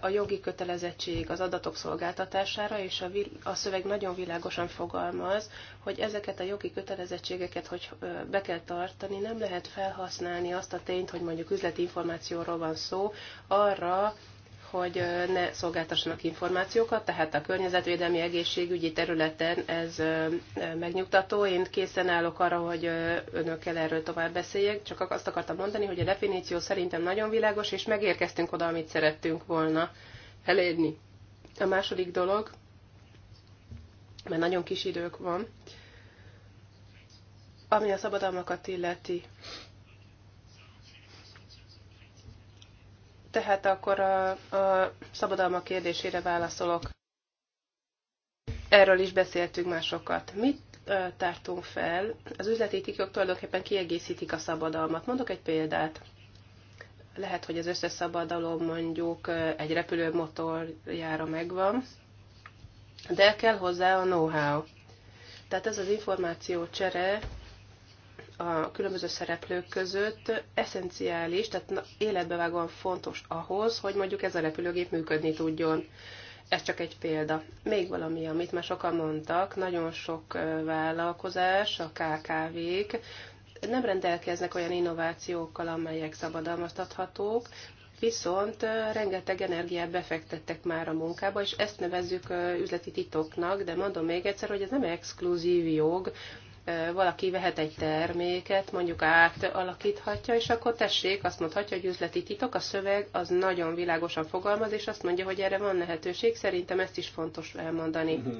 a jogi kötelezettség az adatok szolgáltatására, és a, a szöveg nagyon világosan fogalmaz, hogy ezeket a jogi kötelezettségeket, hogy be kell tartani, nem lehet felhasználni azt a tényt, hogy mondjuk üzleti információról van szó, arra, hogy ne szolgáltassanak információkat, tehát a környezetvédelmi egészségügyi területen ez megnyugtató. Én készen állok arra, hogy önökkel erről tovább beszéljek, csak azt akartam mondani, hogy a definíció szerintem nagyon világos, és megérkeztünk oda, amit szerettünk volna elérni. A második dolog, mert nagyon kis idők van, ami a szabadalmakat illeti. Tehát akkor a, a szabadalma kérdésére válaszolok. Erről is beszéltünk másokat. Mit tártunk fel? Az üzleti titkok tulajdonképpen kiegészítik a szabadalmat. Mondok egy példát lehet, hogy az összes szabadalom mondjuk egy repülőmotorjára megvan, de kell hozzá a know-how. Tehát ez az információ csere a különböző szereplők között eszenciális, tehát életbevágóan fontos ahhoz, hogy mondjuk ez a repülőgép működni tudjon. Ez csak egy példa. Még valami, amit már sokan mondtak, nagyon sok vállalkozás, a KKV-k nem rendelkeznek olyan innovációkkal, amelyek szabadalmaztathatók, viszont rengeteg energiát befektettek már a munkába, és ezt nevezzük üzleti titoknak, de mondom még egyszer, hogy ez nem exkluzív jog, valaki vehet egy terméket, mondjuk átalakíthatja, és akkor tessék, azt mondhatja, hogy üzleti titok, a szöveg az nagyon világosan fogalmaz, és azt mondja, hogy erre van lehetőség, szerintem ezt is fontos elmondani. Mhm.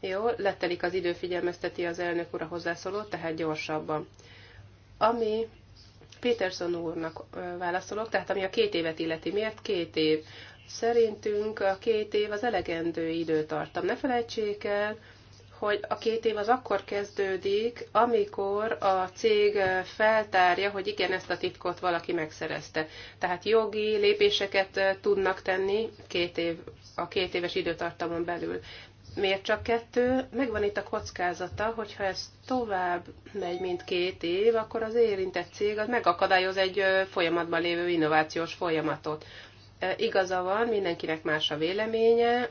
Jó, letelik az idő, figyelmezteti az elnök ura hozzászóló, tehát gyorsabban. Ami Peterson úrnak válaszolok, tehát ami a két évet illeti, miért két év? Szerintünk a két év az elegendő időtartam. Ne felejtsék el, hogy a két év az akkor kezdődik, amikor a cég feltárja, hogy igen, ezt a titkot valaki megszerezte. Tehát jogi lépéseket tudnak tenni két év, a két éves időtartamon belül. Miért csak kettő? Megvan itt a kockázata, hogyha ez tovább megy, mint két év, akkor az érintett cég az megakadályoz egy folyamatban lévő innovációs folyamatot igaza van, mindenkinek más a véleménye,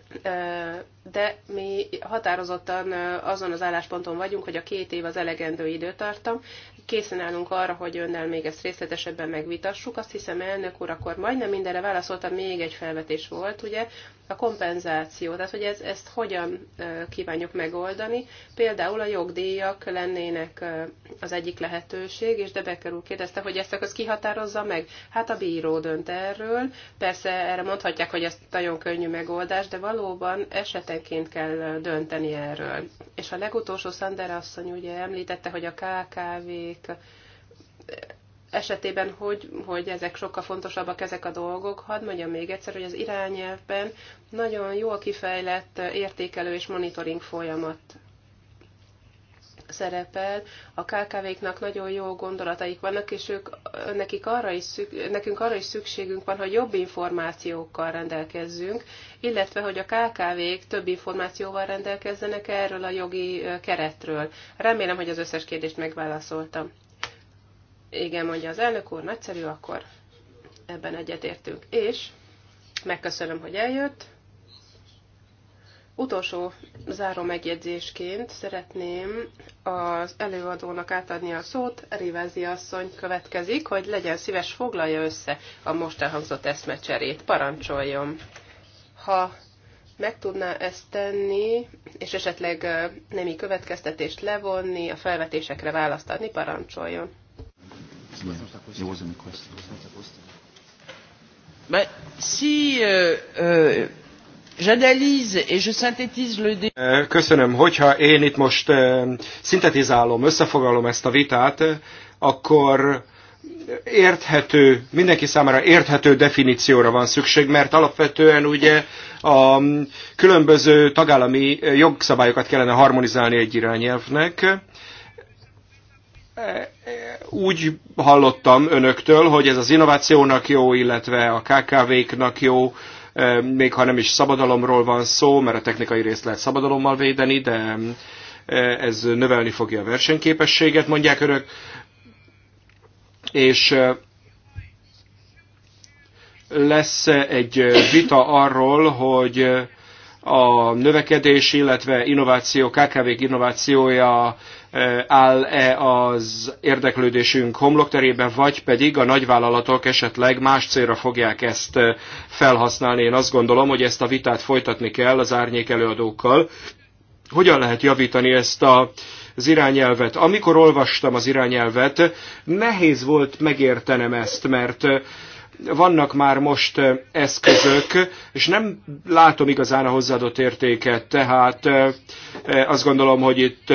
de mi határozottan azon az állásponton vagyunk, hogy a két év az elegendő időtartam. Készen állunk arra, hogy önnel még ezt részletesebben megvitassuk. Azt hiszem, elnök úr, akkor majdnem mindenre válaszoltam, még egy felvetés volt, ugye, a kompenzáció, tehát hogy ez, ezt hogyan kívánjuk megoldani. Például a jogdíjak lennének az egyik lehetőség, és Debecker úr kérdezte, hogy ezt az kihatározza meg. Hát a bíró dönt erről. Persze erre mondhatják, hogy ez nagyon könnyű megoldás, de valóban esetek félként kell dönteni erről. És a legutolsó Szander asszony ugye említette, hogy a KKV-k esetében, hogy, hogy ezek sokkal fontosabbak ezek a dolgok, hadd mondjam még egyszer, hogy az irányelvben nagyon jól kifejlett értékelő és monitoring folyamat szerepel, a KKV-knak nagyon jó gondolataik vannak, és ők, nekik arra is szük, nekünk arra is szükségünk van, hogy jobb információkkal rendelkezzünk, illetve hogy a KKV-k több információval rendelkezzenek erről a jogi keretről. Remélem, hogy az összes kérdést megválaszoltam. Igen, mondja az elnök úr, nagyszerű, akkor ebben egyetértünk. És megköszönöm, hogy eljött. Utolsó záró megjegyzésként szeretném az előadónak átadni a szót, Rivázi asszony következik, hogy legyen szíves foglalja össze a most elhangzott eszmecserét. Parancsoljon! Ha meg tudná ezt tenni, és esetleg nemi következtetést levonni, a felvetésekre választ adni, parancsoljon. Yeah. Yeah. Yeah. Yeah. Eh, köszönöm, hogyha én itt most eh, szintetizálom, összefogalom ezt a vitát, akkor érthető, mindenki számára érthető definícióra van szükség, mert alapvetően ugye a különböző tagállami jogszabályokat kellene harmonizálni egy irányelvnek. Eh, úgy hallottam önöktől, hogy ez az innovációnak jó, illetve a KKV-knak jó, még ha nem is szabadalomról van szó, mert a technikai részt lehet szabadalommal védeni, de ez növelni fogja a versenyképességet, mondják örök. És lesz egy vita arról, hogy a növekedés, illetve innováció, kkv innovációja áll-e az érdeklődésünk homlokterében, vagy pedig a nagyvállalatok esetleg más célra fogják ezt felhasználni. Én azt gondolom, hogy ezt a vitát folytatni kell az árnyék előadókkal. Hogyan lehet javítani ezt a az irányelvet. Amikor olvastam az irányelvet, nehéz volt megértenem ezt, mert vannak már most eszközök, és nem látom igazán a hozzáadott értéket, tehát azt gondolom, hogy itt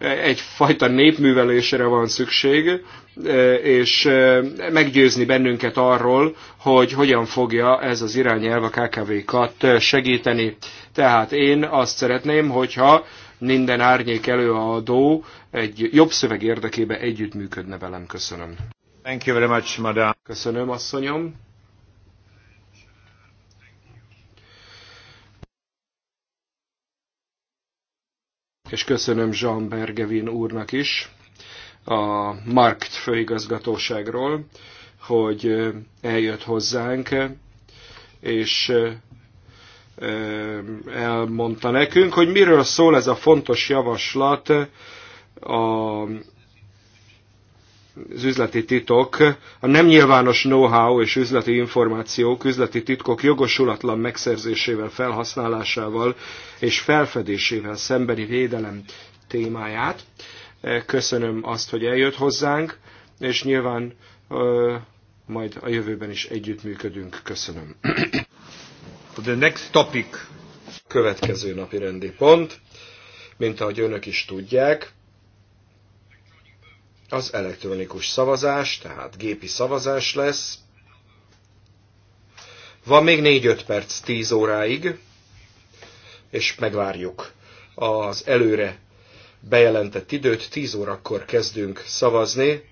egyfajta népművelésre van szükség, e, és e, meggyőzni bennünket arról, hogy hogyan fogja ez az irányelv a KKV-kat segíteni. Tehát én azt szeretném, hogyha minden árnyék előadó egy jobb szöveg érdekében együttműködne velem. Köszönöm. Thank you very much, madame. Köszönöm, asszonyom. és köszönöm Jean Bergevin úrnak is a Markt főigazgatóságról, hogy eljött hozzánk, és elmondta nekünk, hogy miről szól ez a fontos javaslat a az üzleti titok, a nem nyilvános know-how és üzleti információk, üzleti titkok jogosulatlan megszerzésével, felhasználásával és felfedésével szembeni védelem témáját. Köszönöm azt, hogy eljött hozzánk, és nyilván majd a jövőben is együttműködünk. Köszönöm. The next topic. Következő napi rendi pont, mint ahogy önök is tudják, az elektronikus szavazás, tehát gépi szavazás lesz. Van még 4-5 perc 10 óráig, és megvárjuk az előre bejelentett időt. 10 órakor kezdünk szavazni.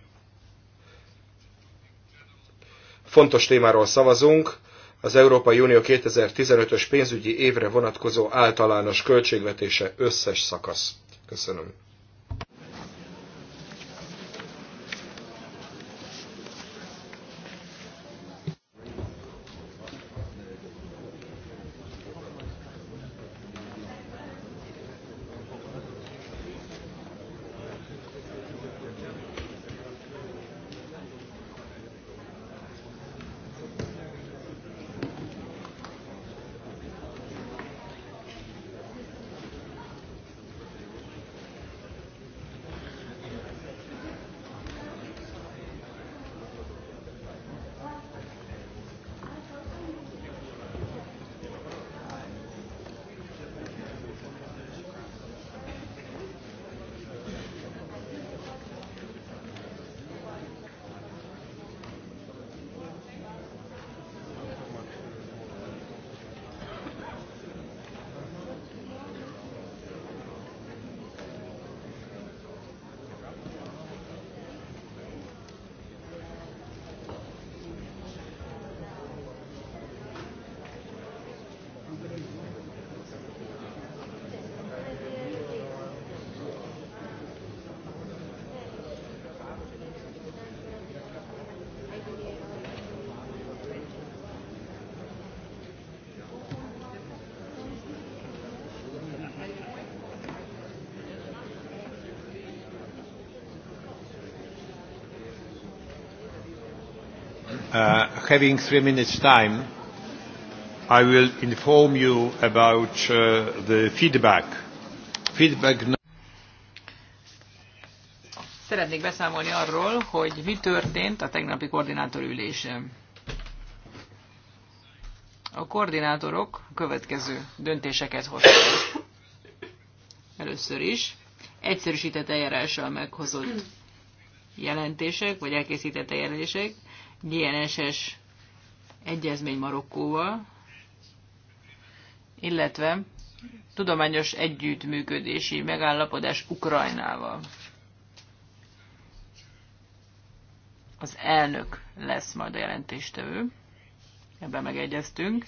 Fontos témáról szavazunk, az Európai Unió 2015-ös pénzügyi évre vonatkozó általános költségvetése összes szakasz. Köszönöm. Uh, having three minutes time, I will inform you about uh, the feedback. Feedback. Szeretnék beszámolni arról, hogy mi történt a tegnapi koordinátorülésen. A koordinátorok következő döntéseket hoztak. Először is egyszerűsített eljárással meghozott jelentések, vagy elkészített eljárások, GNSS egyezmény Marokkóval, illetve tudományos együttműködési megállapodás Ukrajnával. Az elnök lesz majd a jelentéstevő, ebben megegyeztünk.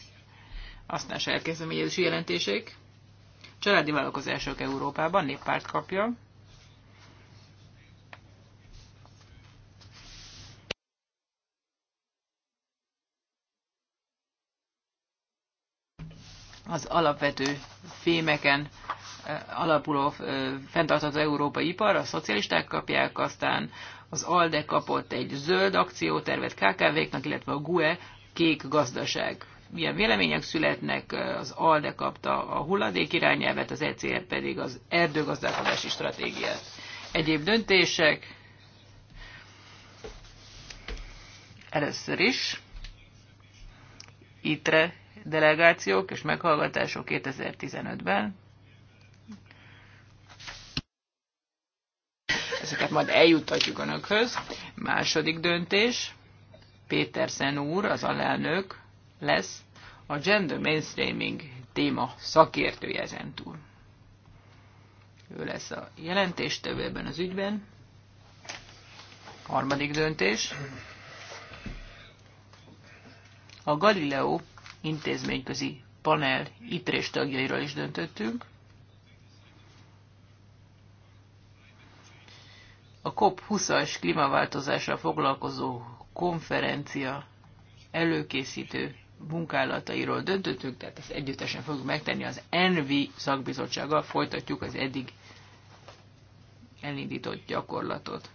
Aztán elkezdem, hogy jelentések. Családi vállalkozások Európában néppárt kapja. az alapvető fémeken alapuló fenntartható európai ipar, a szocialisták kapják, aztán az ALDE kapott egy zöld akciótervet KKV-knak, illetve a GUE kék gazdaság. Milyen vélemények születnek, az ALDE kapta a hulladék irányelvet, az ECR pedig az erdőgazdálkodási stratégiát. Egyéb döntések, először is, ITRE delegációk és meghallgatások 2015-ben. Ezeket majd eljutatjuk önökhöz. Második döntés, Pétersen úr, az alelnök lesz a gender mainstreaming téma szakértője ezentúl. Ő lesz a jelentéstevő ebben az ügyben. Harmadik döntés. A Galileo intézményközi panel ítrés tagjairól is döntöttünk. A COP20-as klímaváltozással foglalkozó konferencia előkészítő munkálatairól döntöttünk, tehát ezt együttesen fogjuk megtenni az NV szakbizottsággal, folytatjuk az eddig elindított gyakorlatot.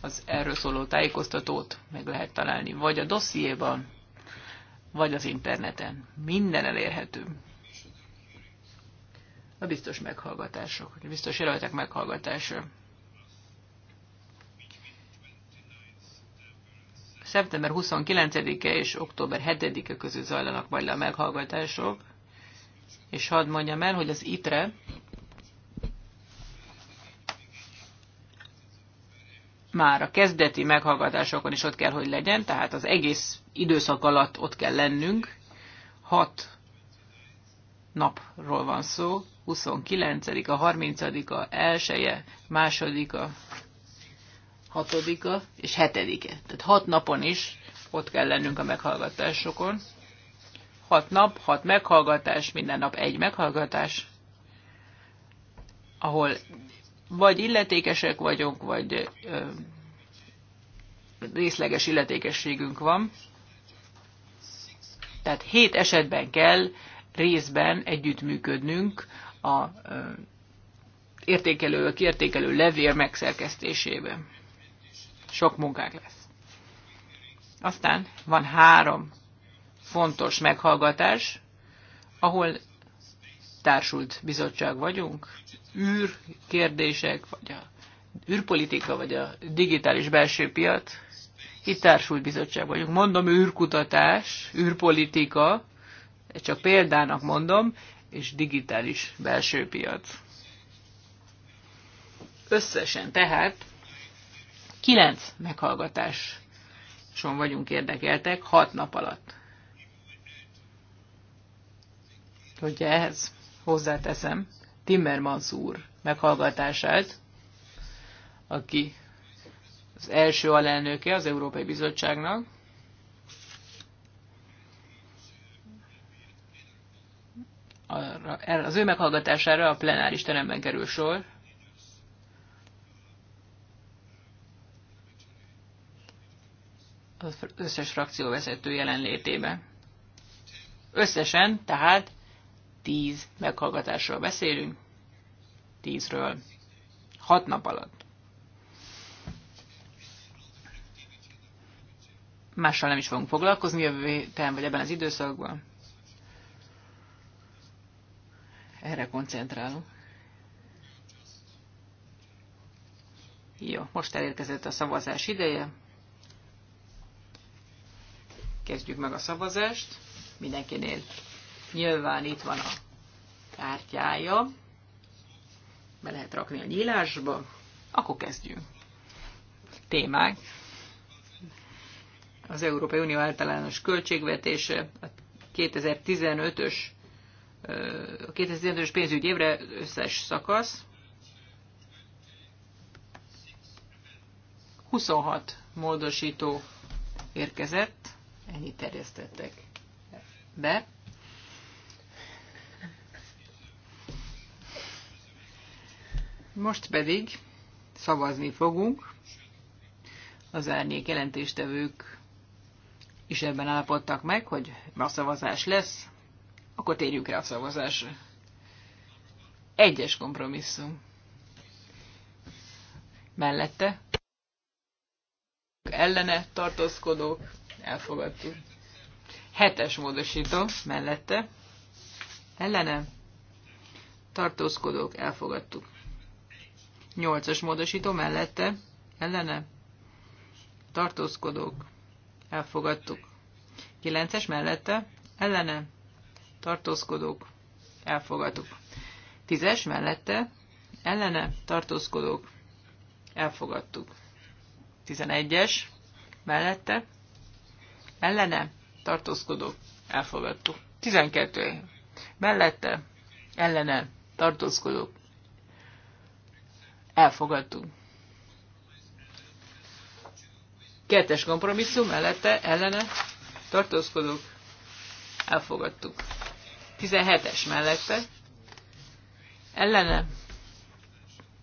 Az erről szóló tájékoztatót meg lehet találni, vagy a dossziéban, vagy az interneten. Minden elérhető. A biztos meghallgatások, a biztos jelöltek meghallgatása. Szeptember 29-e és október 7-e között zajlanak majd le a meghallgatások, és hadd mondjam el, hogy az ITRE már a kezdeti meghallgatásokon is ott kell, hogy legyen, tehát az egész időszak alatt ott kell lennünk. Hat napról van szó, 29-a, 30-a, 1-e, 2-a, 6-a és 7-e. Tehát hat napon is ott kell lennünk a meghallgatásokon. Hat nap, hat meghallgatás, minden nap egy meghallgatás, ahol vagy illetékesek vagyunk, vagy részleges illetékességünk van. Tehát hét esetben kell részben együttműködnünk a értékelő, a kiértékelő levél megszerkesztésében. Sok munkák lesz. Aztán van három fontos meghallgatás, ahol társult bizottság vagyunk, űr kérdések, vagy a űrpolitika, vagy a digitális belső piac, itt társult bizottság vagyunk. Mondom űrkutatás, űrpolitika, csak példának mondom, és digitális belső piac. Összesen tehát kilenc meghallgatáson vagyunk érdekeltek hat nap alatt. Tudja ehhez hozzáteszem Timmermans úr meghallgatását, aki az első alelnöke az Európai Bizottságnak, az ő meghallgatására a plenáris teremben kerül sor. Az összes frakció vezető jelenlétében. Összesen, tehát tíz meghallgatásról beszélünk, tízről, hat nap alatt. Mással nem is fogunk foglalkozni jövő héten, vagy ebben az időszakban. Erre koncentrálunk. Jó, most elérkezett a szavazás ideje. Kezdjük meg a szavazást. Mindenkinél Nyilván itt van a kártyája. Be lehet rakni a nyílásba. Akkor kezdjünk. Témák. Az Európai Unió általános költségvetése, a 2015-ös 2015-ös pénzügyi évre összes szakasz. 26 módosító érkezett, ennyit terjesztettek be. Most pedig szavazni fogunk. Az árnyék jelentéstevők is ebben állapodtak meg, hogy ma szavazás lesz, akkor térjünk rá a szavazásra. Egyes kompromisszum. Mellette. Ellene tartózkodók. Elfogadtuk. Hetes módosító. Mellette. Ellene. Tartózkodók. Elfogadtuk. 8-as módosító mellette, ellene, tartózkodók, elfogadtuk. 9-es mellette, ellene, tartózkodók, elfogadtuk. 10-es mellette, ellene, tartózkodók, elfogadtuk. 11-es mellette, ellene, tartózkodók, elfogadtuk. 12 mellette, ellene, tartózkodók, elfogadtuk. Kettes kompromisszum mellette ellene tartózkodók elfogadtuk. 17-es mellette ellene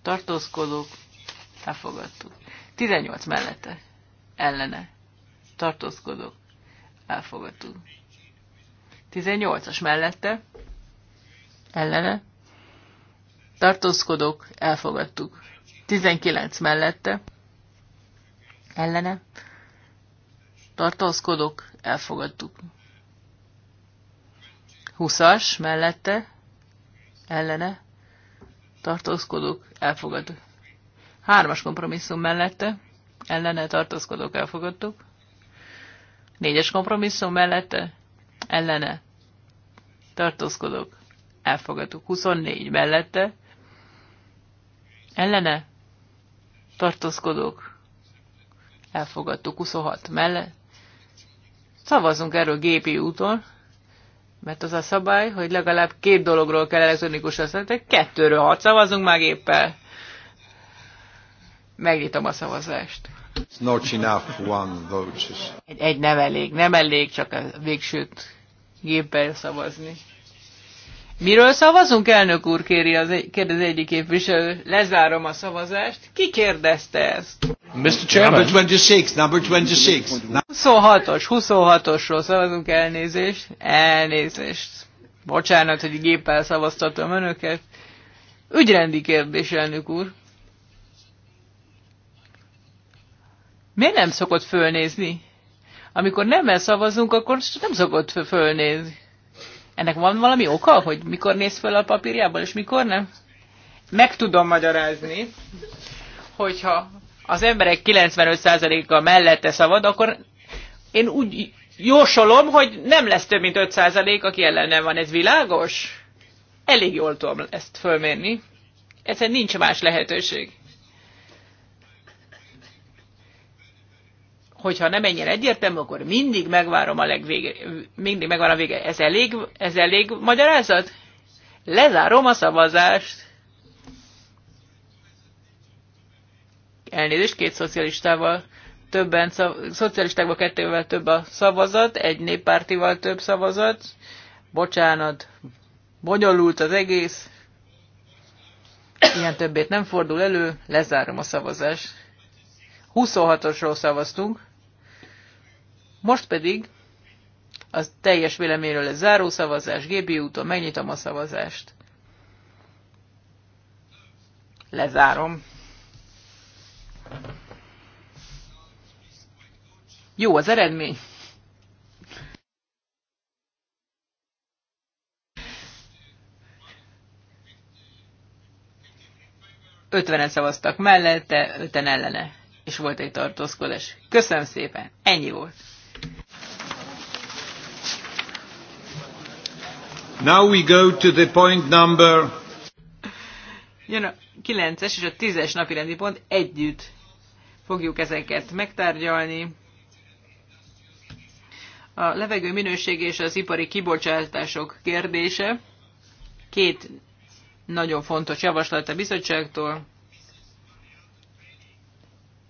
tartózkodók elfogadtuk. 18 mellette ellene tartózkodók elfogadtuk. 18-as mellette ellene tartózkodók, elfogadtuk. 19 mellette, ellene, tartózkodók, elfogadtuk. 20-as mellette, ellene, tartózkodók, elfogadtuk. 3-as kompromisszum mellette, ellene tartózkodók, elfogadtuk. Négyes kompromisszum mellette, ellene tartózkodók, elfogadtuk. 24 mellette, ellene tartózkodók elfogadtuk 26 mellett. szavazunk erről gépi úton, mert az a szabály, hogy legalább két dologról kell elektronikusan szavazni, kettőről hat szavazunk már éppen. Megnyitom a szavazást. It's not enough one vote. Egy, egy nem elég, nem elég csak a végsőt géppel szavazni. Miről szavazunk, elnök úr, kéri az, kérdez egyik képviselő. Lezárom a szavazást. Ki kérdezte ezt? Mr. Chairman. Number 26, number 26. 26-os, 26-osról szavazunk, elnézést. Elnézést. Bocsánat, hogy géppel szavaztatom önöket. Ügyrendi kérdés, elnök úr. Miért nem szokott fölnézni? Amikor nem elszavazunk, akkor nem szokott fölnézni. Ennek van valami oka, hogy mikor néz föl a papírjából, és mikor nem? Meg tudom magyarázni, hogyha az emberek 95%-a mellette szavad, akkor én úgy jósolom, hogy nem lesz több mint 5% aki ellene van. Ez világos? Elég jól tudom ezt fölmérni. Ezen nincs más lehetőség. hogyha nem ennyire egyértelmű, akkor mindig megvárom a legvége, mindig megvárom a vége. Ez elég, ez elég magyarázat? Lezárom a szavazást. Elnézést, két szocialistával többen, szocialistákban kettővel több a szavazat, egy néppártival több szavazat. Bocsánat, bonyolult az egész. Ilyen többét nem fordul elő, lezárom a szavazást. 26-osról szavaztunk. Most pedig az teljes véleményről lesz záró szavazás, gépi úton megnyitom a szavazást. Lezárom. Jó az eredmény. Ötvenen szavaztak mellette, öten ellene, és volt egy tartózkodás. Köszönöm szépen, ennyi volt. Now we go to the point number... Jön a kilences és a tízes napi rendi pont együtt fogjuk ezeket megtárgyalni. A levegő minőség és az ipari kibocsátások kérdése. Két nagyon fontos javaslat a bizottságtól.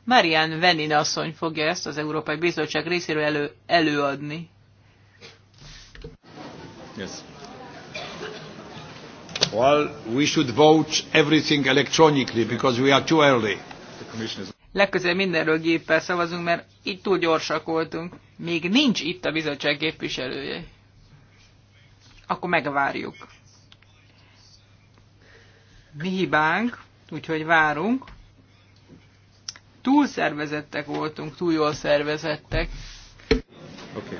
Marian Venin asszony fogja ezt az Európai Bizottság részéről elő, előadni. Yes. Well, we should vote everything electronically because we are too early. Legközelebb mindenről géppel szavazunk, mert itt túl gyorsak voltunk. Még nincs itt a bizottság képviselője. Akkor megvárjuk. Mi hibánk, úgyhogy várunk. Túl szervezettek voltunk, túl jól szervezettek. Okay.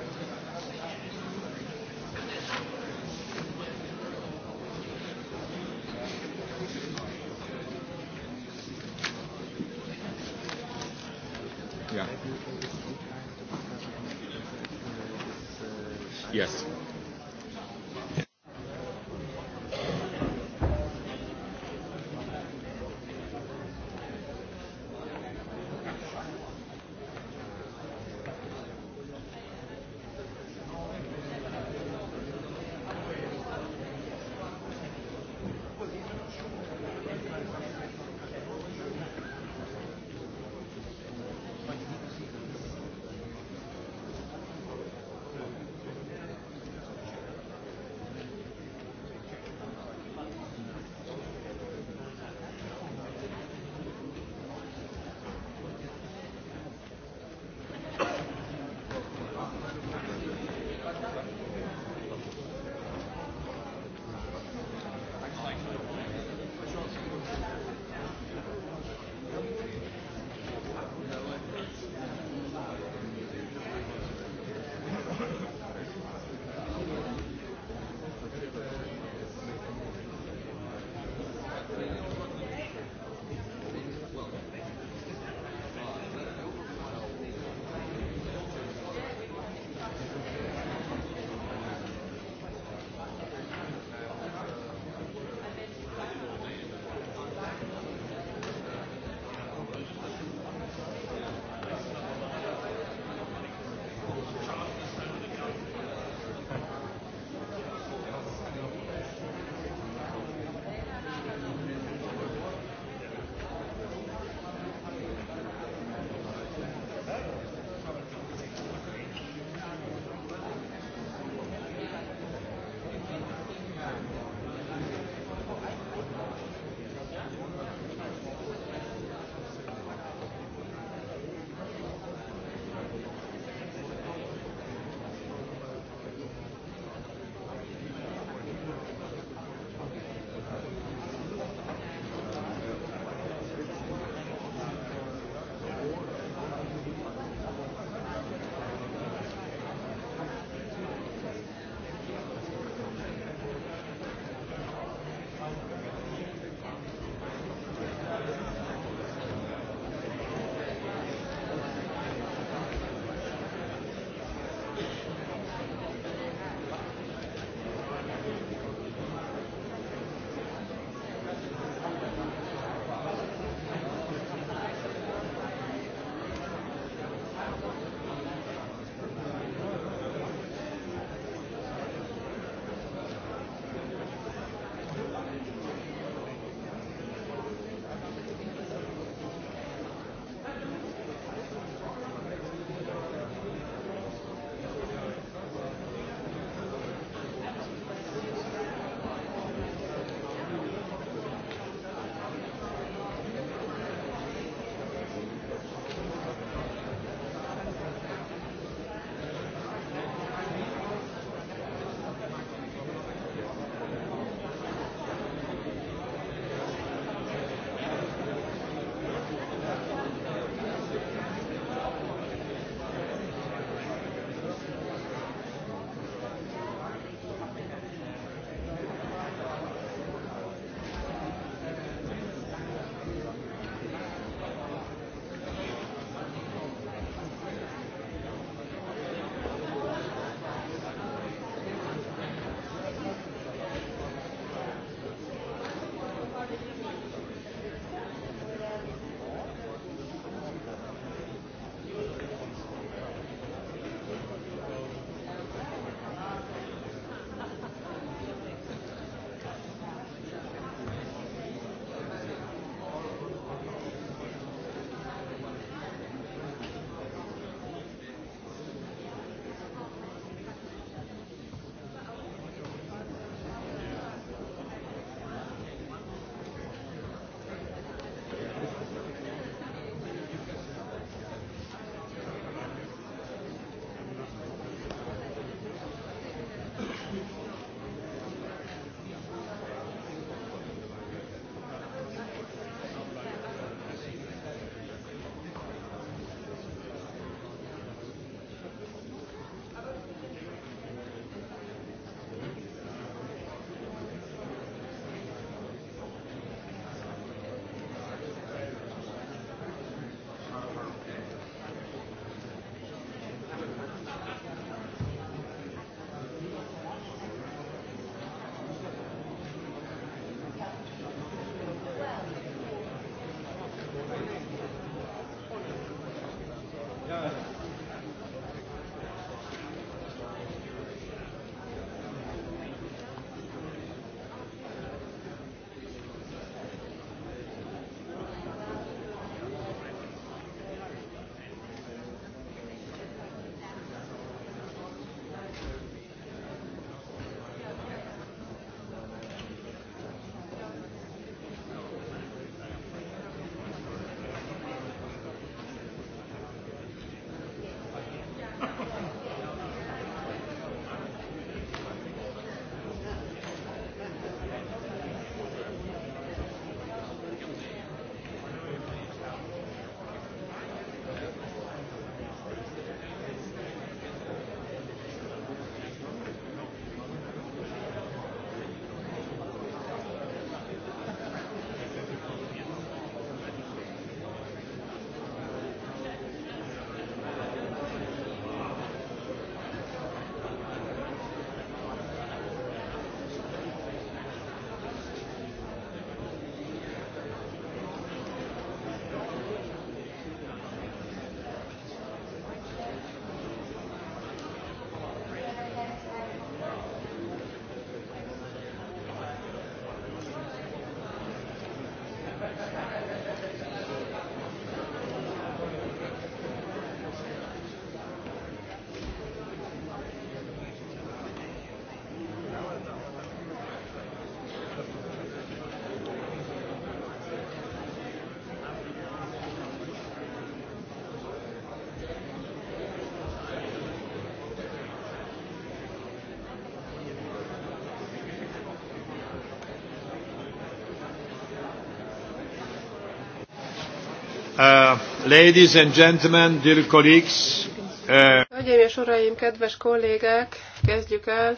Ladies and gentlemen, dear colleagues. Uh, Hölgyeim és uraim, kedves kollégák, kezdjük el.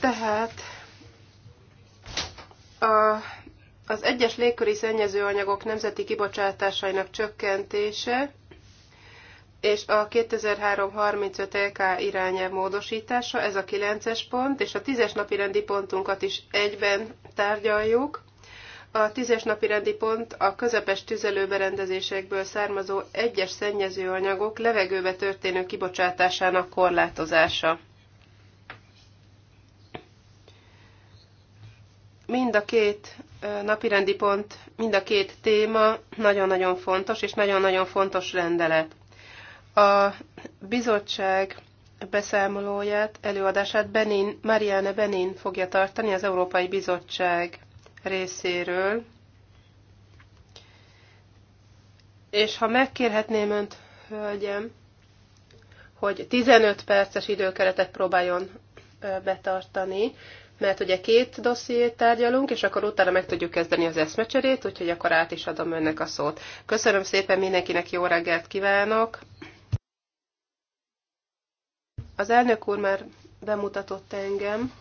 Tehát a, az egyes légköri szennyezőanyagok nemzeti kibocsátásainak csökkentése és a 2003-35 LK irányelv módosítása, ez a 9-es pont, és a 10-es napi rendi pontunkat is egyben tárgyaljuk a tízes napi rendi pont a közepes tüzelőberendezésekből származó egyes szennyezőanyagok levegőbe történő kibocsátásának korlátozása. Mind a két napirendi pont, mind a két téma nagyon-nagyon fontos, és nagyon-nagyon fontos rendelet. A bizottság beszámolóját, előadását Benin, Marianne Benin fogja tartani, az Európai Bizottság részéről. És ha megkérhetném Önt, hölgyem, hogy 15 perces időkeretet próbáljon betartani, mert ugye két dossziét tárgyalunk, és akkor utána meg tudjuk kezdeni az eszmecserét, úgyhogy akkor át is adom önnek a szót. Köszönöm szépen mindenkinek, jó reggelt kívánok! Az elnök úr már bemutatott engem,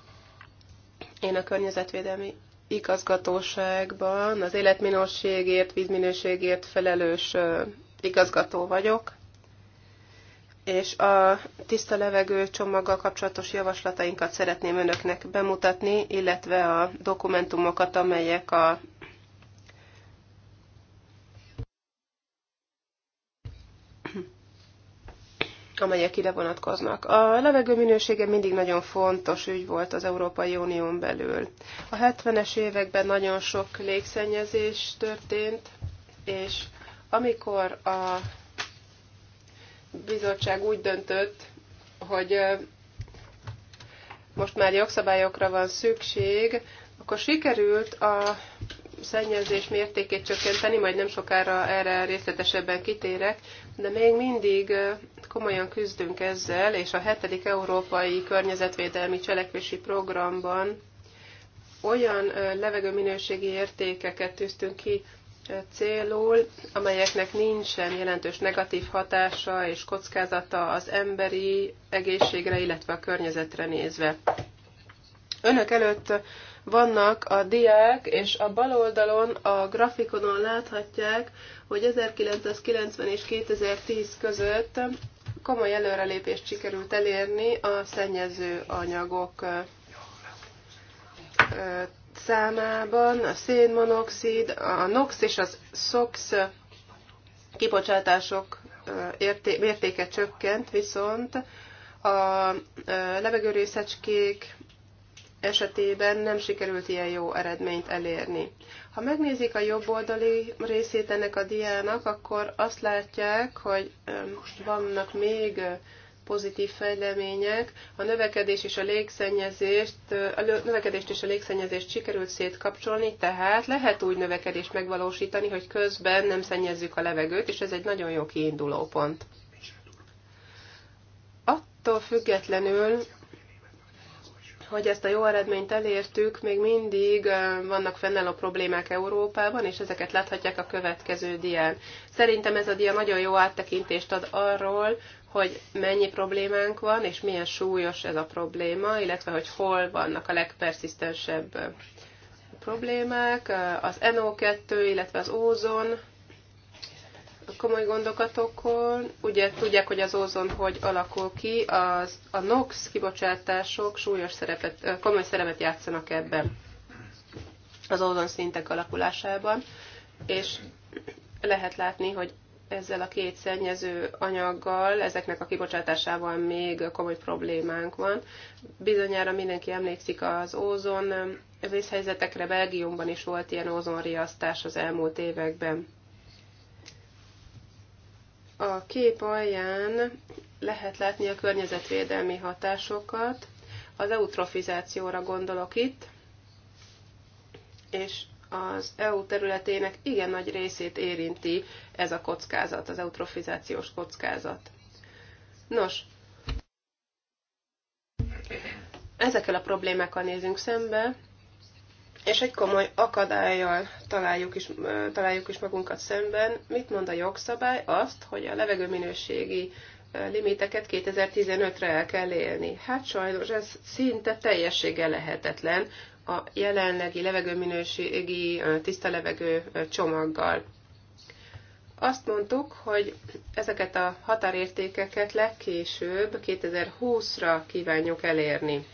én a Környezetvédelmi igazgatóságban az életminőségért, vízminőségért felelős igazgató vagyok, és a tiszta levegő csomaggal kapcsolatos javaslatainkat szeretném önöknek bemutatni, illetve a dokumentumokat, amelyek a amelyek ide vonatkoznak. A levegő minősége mindig nagyon fontos ügy volt az Európai Unión belül. A 70-es években nagyon sok légszennyezés történt, és amikor a bizottság úgy döntött, hogy most már jogszabályokra van szükség, akkor sikerült a szennyezés mértékét csökkenteni, majd nem sokára erre részletesebben kitérek, de még mindig komolyan küzdünk ezzel, és a hetedik Európai Környezetvédelmi Cselekvési Programban olyan levegőminőségi értékeket tűztünk ki célul, amelyeknek nincsen jelentős negatív hatása és kockázata az emberi egészségre, illetve a környezetre nézve. Önök előtt vannak a diák, és a bal oldalon a grafikonon láthatják, hogy 1990 és 2010 között komoly előrelépést sikerült elérni a szennyező anyagok számában, a szénmonoxid, a NOx és a SOx kibocsátások mértéke csökkent, viszont a levegőrészecskék esetében nem sikerült ilyen jó eredményt elérni. Ha megnézik a jobb oldali részét ennek a diának, akkor azt látják, hogy vannak még pozitív fejlemények. A növekedés és a légszennyezést, a növekedést és a légszennyezést sikerült szétkapcsolni, tehát lehet úgy növekedést megvalósítani, hogy közben nem szennyezzük a levegőt, és ez egy nagyon jó kiinduló pont. Attól függetlenül, hogy ezt a jó eredményt elértük, még mindig vannak fennálló problémák Európában, és ezeket láthatják a következő dián. Szerintem ez a dia nagyon jó áttekintést ad arról, hogy mennyi problémánk van, és milyen súlyos ez a probléma, illetve hogy hol vannak a legpersisztensebb problémák, az NO2, illetve az ózon, komoly gondokat okol. Ugye tudják, hogy az ózon hogy alakul ki, az, a NOx kibocsátások súlyos szerepet, komoly szerepet játszanak ebben az ózon szintek alakulásában, és lehet látni, hogy ezzel a két szennyező anyaggal, ezeknek a kibocsátásával még komoly problémánk van. Bizonyára mindenki emlékszik az ózon vészhelyzetekre, Belgiumban is volt ilyen ózonriasztás az elmúlt években. A kép alján lehet látni a környezetvédelmi hatásokat. Az eutrofizációra gondolok itt, és az EU területének igen nagy részét érinti ez a kockázat, az eutrofizációs kockázat. Nos, ezekkel a problémákkal nézünk szembe, és egy komoly akadályjal találjuk is, találjuk is magunkat szemben. Mit mond a jogszabály? Azt, hogy a levegőminőségi limiteket 2015-re el kell élni. Hát sajnos ez szinte teljessége lehetetlen a jelenlegi levegőminőségi tiszta levegő csomaggal. Azt mondtuk, hogy ezeket a határértékeket legkésőbb 2020-ra kívánjuk elérni.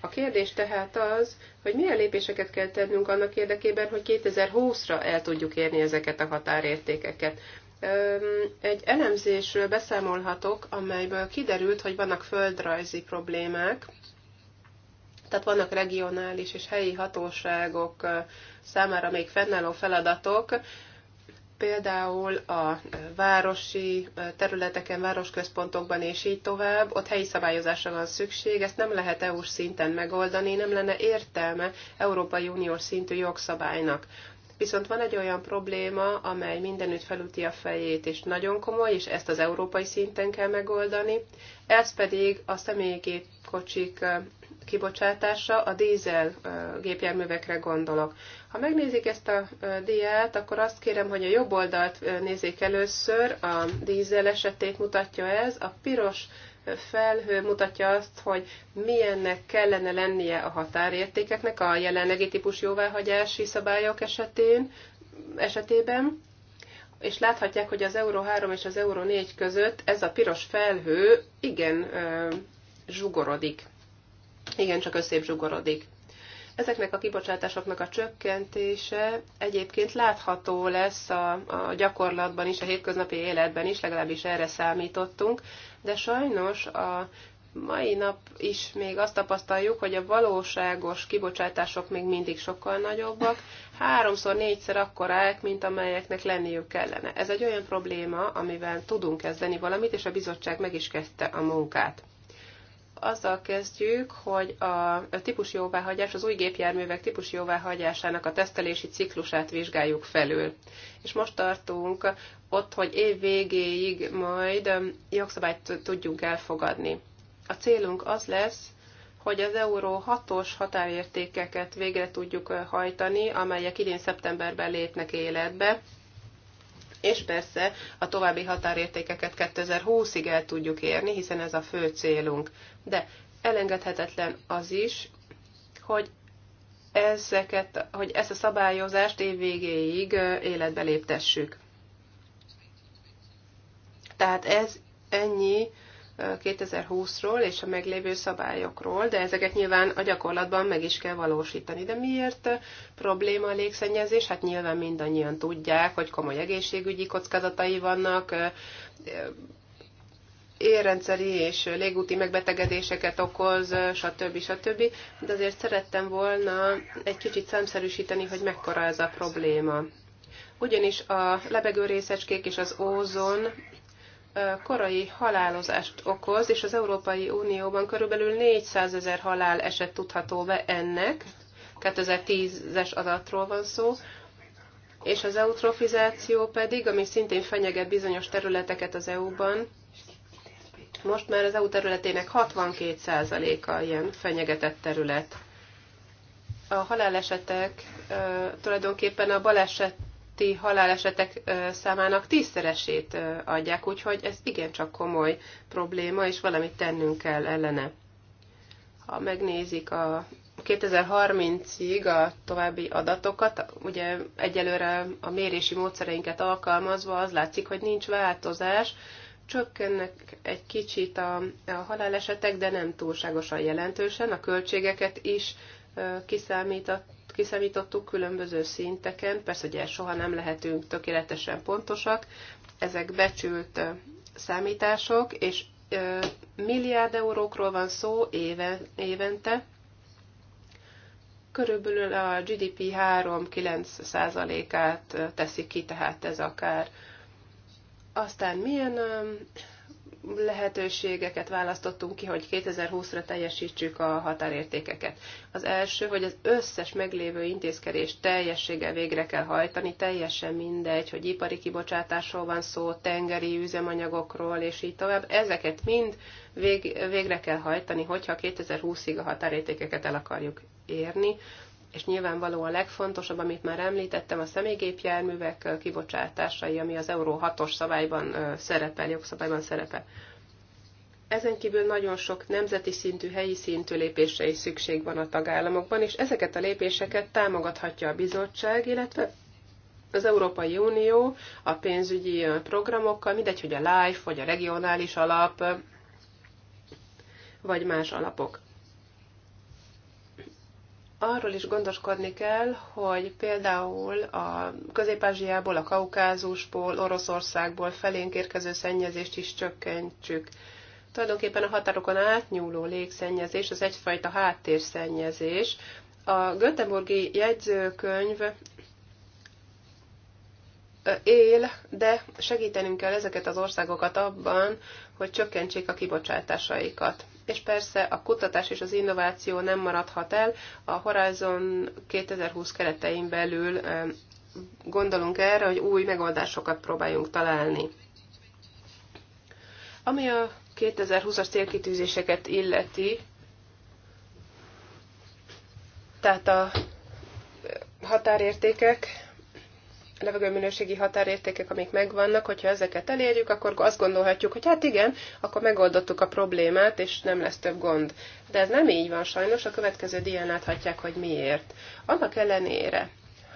A kérdés tehát az, hogy milyen lépéseket kell tennünk annak érdekében, hogy 2020-ra el tudjuk érni ezeket a határértékeket. Egy elemzésről beszámolhatok, amelyből kiderült, hogy vannak földrajzi problémák, tehát vannak regionális és helyi hatóságok számára még fennálló feladatok, például a városi területeken, városközpontokban és így tovább, ott helyi szabályozásra van szükség, ezt nem lehet EU-s szinten megoldani, nem lenne értelme Európai Uniós szintű jogszabálynak. Viszont van egy olyan probléma, amely mindenütt felüti a fejét, és nagyon komoly, és ezt az európai szinten kell megoldani. Ez pedig a személygépkocsik kibocsátása, a dízel gépjárművekre gondolok. Ha megnézik ezt a diát, akkor azt kérem, hogy a jobb oldalt nézzék először, a dízel esetét mutatja ez, a piros felhő mutatja azt, hogy milyennek kellene lennie a határértékeknek a jelenlegi típus jóváhagyási szabályok esetén, esetében, és láthatják, hogy az Euró 3 és az Euró 4 között ez a piros felhő igen zsugorodik igencsak összébb zsugorodik. Ezeknek a kibocsátásoknak a csökkentése egyébként látható lesz a, a gyakorlatban is, a hétköznapi életben is, legalábbis erre számítottunk, de sajnos a mai nap is még azt tapasztaljuk, hogy a valóságos kibocsátások még mindig sokkal nagyobbak, háromszor, négyszer akkorák, mint amelyeknek lenniük kellene. Ez egy olyan probléma, amivel tudunk kezdeni valamit, és a bizottság meg is kezdte a munkát azzal kezdjük, hogy a jóváhagyás, az új gépjárművek jóváhagyásának a tesztelési ciklusát vizsgáljuk felül. És most tartunk ott, hogy év végéig majd jogszabályt tudjunk elfogadni. A célunk az lesz, hogy az euró 6-os határértékeket végre tudjuk hajtani, amelyek idén szeptemberben lépnek életbe, és persze a további határértékeket 2020-ig el tudjuk érni, hiszen ez a fő célunk. De elengedhetetlen az is, hogy ezeket, hogy ezt a szabályozást év végéig életbe léptessük. Tehát ez ennyi 2020-ról és a meglévő szabályokról, de ezeket nyilván a gyakorlatban meg is kell valósítani. De miért probléma a légszennyezés? Hát nyilván mindannyian tudják, hogy komoly egészségügyi kockázatai vannak, érrendszeri és légúti megbetegedéseket okoz, stb. stb. De azért szerettem volna egy kicsit szemszerűsíteni, hogy mekkora ez a probléma. Ugyanis a lebegő részecskék és az ózon korai halálozást okoz, és az Európai Unióban körülbelül 400 ezer halál eset tudható be ennek, 2010-es adatról van szó, és az eutrofizáció pedig, ami szintén fenyeget bizonyos területeket az EU-ban, most már az EU területének 62%-a ilyen fenyegetett terület. A halálesetek tulajdonképpen a baleset alatti halálesetek számának tízszeresét adják, úgyhogy ez igencsak komoly probléma, és valamit tennünk kell ellene. Ha megnézik a 2030-ig a további adatokat, ugye egyelőre a mérési módszereinket alkalmazva az látszik, hogy nincs változás, csökkennek egy kicsit a, a halálesetek, de nem túlságosan jelentősen, a költségeket is kiszámított kiszámítottuk különböző szinteken, persze ugye soha nem lehetünk tökéletesen pontosak, ezek becsült számítások, és milliárd eurókról van szó éve, évente, körülbelül a GDP 3-9 át teszi ki, tehát ez akár. Aztán milyen lehetőségeket választottunk ki, hogy 2020-ra teljesítsük a határértékeket. Az első, hogy az összes meglévő intézkedést teljessége végre kell hajtani, teljesen mindegy, hogy ipari kibocsátásról van szó, tengeri üzemanyagokról, és így tovább. Ezeket mind vég, végre kell hajtani, hogyha 2020-ig a határértékeket el akarjuk érni és nyilvánvaló a legfontosabb, amit már említettem, a személygépjárművek kibocsátásai, ami az Euró 6-os szabályban szerepel, jogszabályban szerepel. Ezen kívül nagyon sok nemzeti szintű, helyi szintű lépésre is szükség van a tagállamokban, és ezeket a lépéseket támogathatja a bizottság, illetve az Európai Unió a pénzügyi programokkal, mindegy, hogy a LIFE, vagy a regionális alap, vagy más alapok arról is gondoskodni kell, hogy például a Közép-Ázsiából, a Kaukázusból, Oroszországból felénk érkező szennyezést is csökkentsük. Tulajdonképpen a határokon átnyúló légszennyezés az egyfajta háttérszennyezés. A Göteborgi jegyzőkönyv él, de segítenünk kell ezeket az országokat abban, hogy csökkentsék a kibocsátásaikat és persze a kutatás és az innováció nem maradhat el. A Horizon 2020 keretein belül gondolunk erre, hogy új megoldásokat próbáljunk találni. Ami a 2020-as célkitűzéseket illeti, tehát a határértékek levegőminőségi határértékek, amik megvannak, hogyha ezeket elérjük, akkor azt gondolhatjuk, hogy hát igen, akkor megoldottuk a problémát, és nem lesz több gond. De ez nem így van sajnos, a következő dián láthatják, hogy miért. Annak ellenére,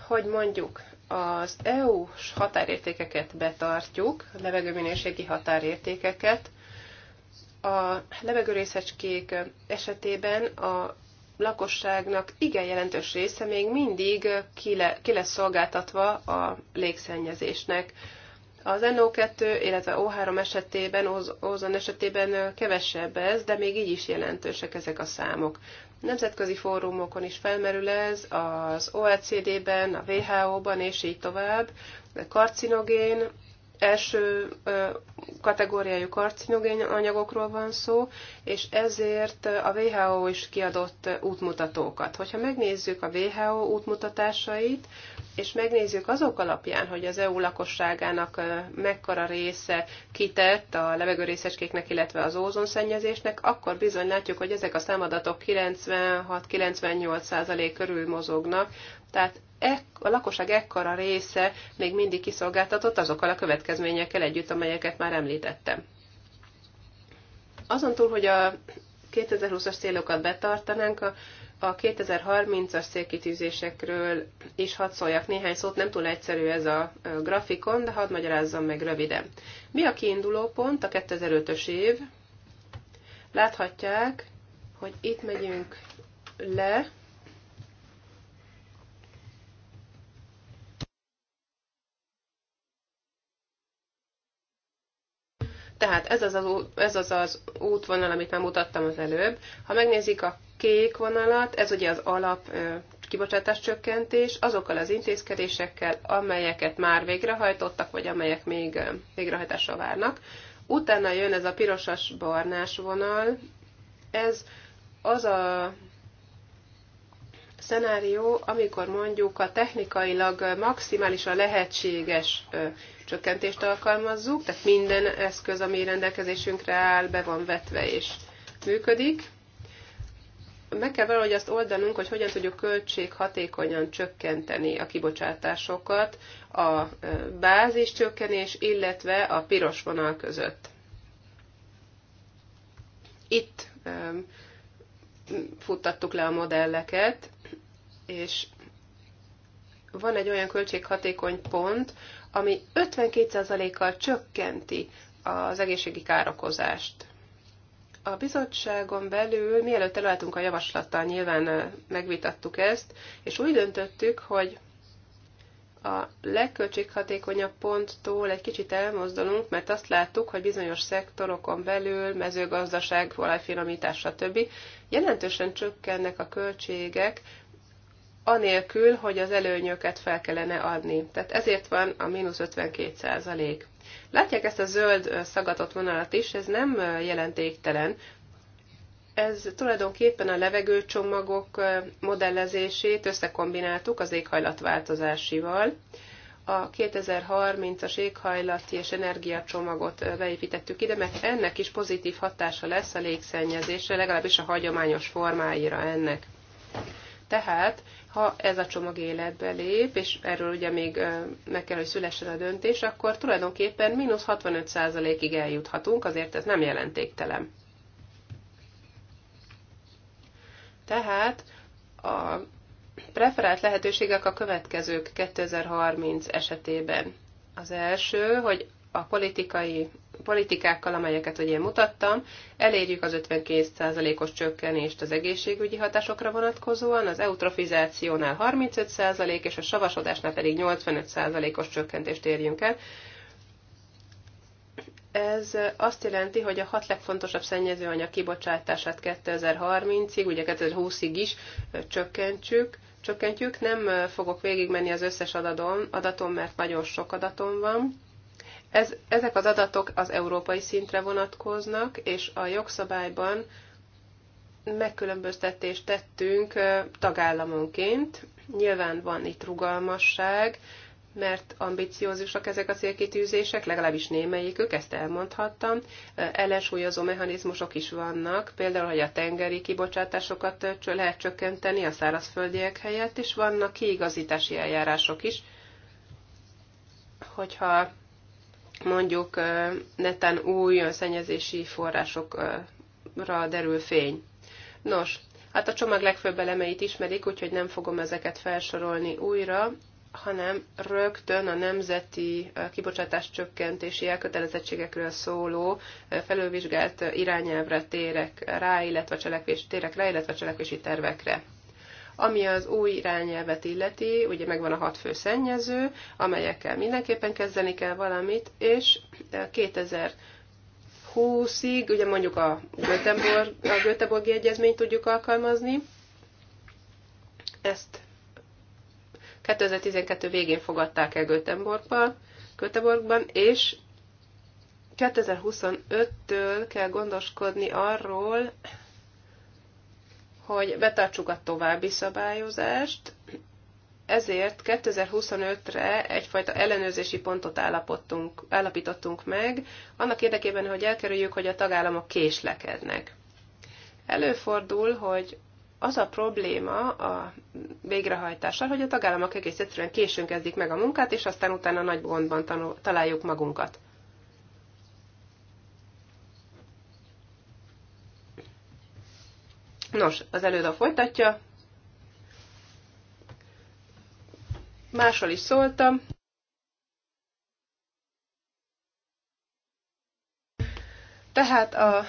hogy mondjuk az EU-s határértékeket betartjuk, a levegőminőségi határértékeket, a levegőrészecskék esetében a lakosságnak igen jelentős része még mindig ki, le, ki lesz szolgáltatva a légszennyezésnek. Az NO2, illetve O3 esetében, ozon esetében kevesebb ez, de még így is jelentősek ezek a számok. Nemzetközi fórumokon is felmerül ez, az OECD-ben, a WHO-ban és így tovább. A Karcinogén első kategóriájú karcinogén anyagokról van szó, és ezért a WHO is kiadott útmutatókat. Hogyha megnézzük a WHO útmutatásait, és megnézzük azok alapján, hogy az EU lakosságának mekkora része kitett a levegőrészecskéknek, illetve az ózonszennyezésnek, akkor bizony látjuk, hogy ezek a számadatok 96-98% körül mozognak, tehát a lakosság ekkora része még mindig kiszolgáltatott azokkal a következményekkel együtt, amelyeket már említettem. Azon túl, hogy a 2020-as célokat betartanánk, a, a 2030-as célkitűzésekről is hadd szóljak néhány szót, nem túl egyszerű ez a grafikon, de hadd magyarázzam meg röviden. Mi a kiinduló pont? A 2005-ös év. Láthatják, hogy itt megyünk le, Tehát ez az, az, ez az az útvonal, amit már mutattam az előbb. Ha megnézik a kék vonalat, ez ugye az alap kibocsátás csökkentés, azokkal az intézkedésekkel, amelyeket már végrehajtottak, vagy amelyek még végrehajtásra várnak. Utána jön ez a pirosas-barnás vonal, ez az a szenárió, amikor mondjuk a technikailag maximálisan lehetséges csökkentést alkalmazzuk, tehát minden eszköz, ami rendelkezésünkre áll, be van vetve és működik. Meg kell valahogy azt oldanunk, hogy hogyan tudjuk költséghatékonyan csökkenteni a kibocsátásokat a bázis csökkenés, illetve a piros vonal között. Itt futtattuk le a modelleket, és van egy olyan költséghatékony pont, ami 52%-kal csökkenti az egészségi károkozást. A bizottságon belül, mielőtt előálltunk a javaslattal, nyilván megvitattuk ezt, és úgy döntöttük, hogy a legköltséghatékonyabb ponttól egy kicsit elmozdulunk, mert azt láttuk, hogy bizonyos szektorokon belül, mezőgazdaság, olajfinomítás, stb. jelentősen csökkennek a költségek, anélkül, hogy az előnyöket fel kellene adni. Tehát ezért van a mínusz 52 százalék. Látják ezt a zöld szagatott vonalat is, ez nem jelentéktelen. Ez tulajdonképpen a levegőcsomagok modellezését összekombináltuk az éghajlatváltozásival. A 2030-as éghajlati és energiacsomagot beépítettük ide, mert ennek is pozitív hatása lesz a légszennyezésre, legalábbis a hagyományos formáira ennek. Tehát, ha ez a csomag életbe lép, és erről ugye még meg kell, hogy szülessen a döntés, akkor tulajdonképpen mínusz 65%-ig eljuthatunk, azért ez nem jelentéktelen. Tehát a preferált lehetőségek a következők 2030 esetében. Az első, hogy a politikai politikákkal, amelyeket ugye mutattam, elérjük az 52%-os csökkenést az egészségügyi hatásokra vonatkozóan, az eutrofizációnál 35% és a savasodásnál pedig 85%-os csökkentést érjünk el. Ez azt jelenti, hogy a hat legfontosabb szennyezőanyag kibocsátását 2030-ig, ugye 2020-ig is csökkentjük. csökkentjük. Nem fogok végigmenni az összes adatom, mert nagyon sok adatom van ez, ezek az adatok az európai szintre vonatkoznak, és a jogszabályban megkülönböztetést tettünk tagállamonként. Nyilván van itt rugalmasság, mert ambiciózusak ezek a célkitűzések, legalábbis némelyikük, ezt elmondhattam. Ellensúlyozó mechanizmusok is vannak, például, hogy a tengeri kibocsátásokat lehet csökkenteni a szárazföldiek helyett, és vannak kiigazítási eljárások is, hogyha mondjuk netán új szennyezési forrásokra derül fény. Nos, hát a csomag legfőbb elemeit ismerik, úgyhogy nem fogom ezeket felsorolni újra, hanem rögtön a nemzeti kibocsátás csökkentési elkötelezettségekről szóló felülvizsgált irányelvre térek rá, illetve cselekvés, térek rá, illetve cselekvési tervekre. Ami az új irányelvet illeti, ugye megvan a hat fő szennyező, amelyekkel mindenképpen kezdeni kell valamit, és 2000 eh, 20-ig, ugye mondjuk a, Göteborg, a Göteborgi Egyezményt tudjuk alkalmazni. Ezt 2012 végén fogadták el Göteborgban, Göteborgban, és 2025-től kell gondoskodni arról, hogy betartsuk a további szabályozást, ezért 2025-re egyfajta ellenőrzési pontot állapítottunk meg, annak érdekében, hogy elkerüljük, hogy a tagállamok késlekednek. Előfordul, hogy az a probléma a végrehajtással, hogy a tagállamok egész egyszerűen későn kezdik meg a munkát, és aztán utána nagy gondban tanul, találjuk magunkat. Nos, az előadó folytatja. Másról is szóltam. Tehát a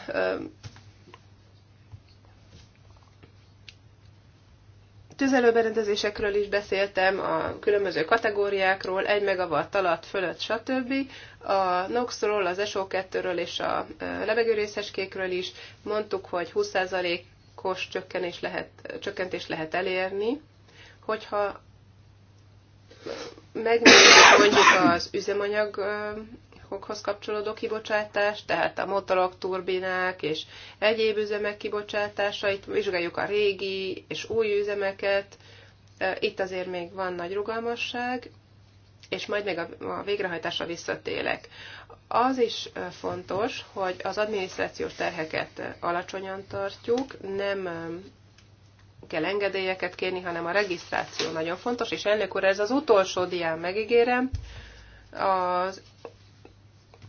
tüzelőberendezésekről is beszéltem, a különböző kategóriákról, 1 megawatt alatt, fölött, stb. A NOx-ról, az SO2-ről és a levegőrészeskékről is mondtuk, hogy 20% kos csökkenés lehet, csökkentés lehet elérni, hogyha megnézzük mondjuk az üzemanyagokhoz kapcsolódó kibocsátást, tehát a motorok, turbinák és egyéb üzemek kibocsátásait, vizsgáljuk a régi és új üzemeket, e, itt azért még van nagy rugalmasság, és majd még a végrehajtásra visszatélek az is fontos, hogy az adminisztrációs terheket alacsonyan tartjuk, nem kell engedélyeket kérni, hanem a regisztráció nagyon fontos, és elnök úr, ez az utolsó dián megígérem, az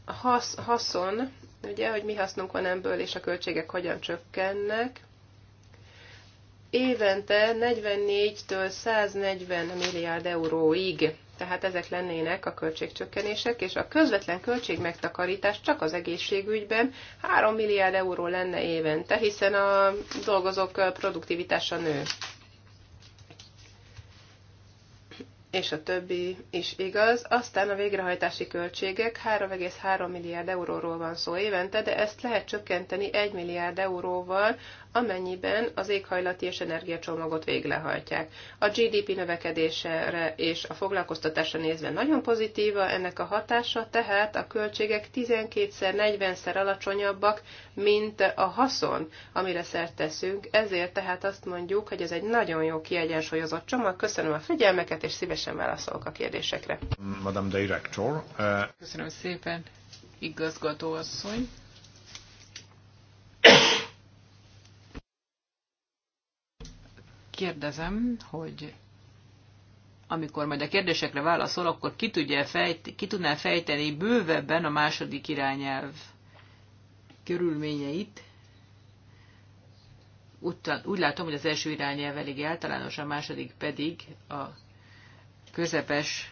hasz, haszon, ugye, hogy mi hasznunk van ebből, és a költségek hogyan csökkennek, évente 44-től 140 milliárd euróig tehát ezek lennének a költségcsökkenések, és a közvetlen költségmegtakarítás csak az egészségügyben 3 milliárd euró lenne évente, hiszen a dolgozók produktivitása nő. És a többi is igaz. Aztán a végrehajtási költségek 3,3 milliárd euróról van szó évente, de ezt lehet csökkenteni 1 milliárd euróval amennyiben az éghajlati és energiacsomagot végrehajtják. A GDP növekedésre és a foglalkoztatásra nézve nagyon pozitíva ennek a hatása, tehát a költségek 12-szer, 40-szer alacsonyabbak, mint a haszon, amire szert teszünk. Ezért tehát azt mondjuk, hogy ez egy nagyon jó kiegyensúlyozott csomag. Köszönöm a figyelmeket, és szívesen válaszolok a kérdésekre. Madame Director. Uh... Köszönöm szépen, igazgató asszony. kérdezem, hogy amikor majd a kérdésekre válaszol, akkor ki, tudja fejteni, ki tudná fejteni bővebben a második irányelv körülményeit. Úgy, úgy látom, hogy az első irányelv elég általános, a második pedig a közepes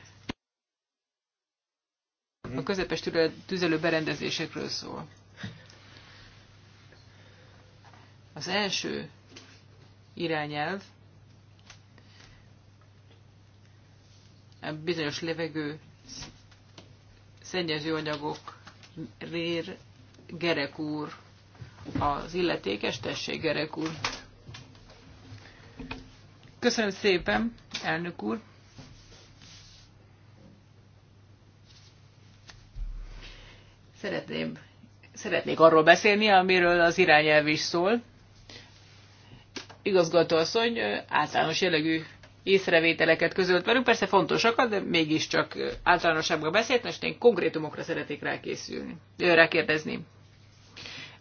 a közepes tüzelő berendezésekről szól. Az első irányelv bizonyos levegő szennyező anyagok rér Gerek úr az illetékes, tessék Gerek úr. Köszönöm szépen, elnök úr. Szeretném, szeretnék arról beszélni, amiről az irányelv is szól. Igazgatóasszony általános jellegű észrevételeket közölt velünk, persze fontosakat, de mégiscsak általánosabbra beszélt, most én konkrétumokra szeretnék rákészülni, rákérdezni.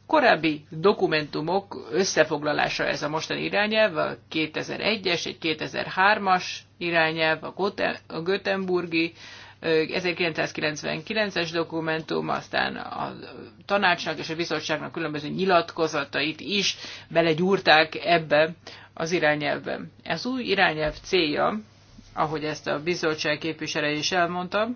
Korábbi dokumentumok összefoglalása ez a mostani irányelv, a 2001-es, egy 2003-as irányelv, a, Göteborgi, 1999-es dokumentum, aztán a tanácsnak és a bizottságnak különböző nyilatkozatait is belegyúrták ebbe az irányelvbe. Ez új irányelv célja, ahogy ezt a bizottság képviselője is elmondta,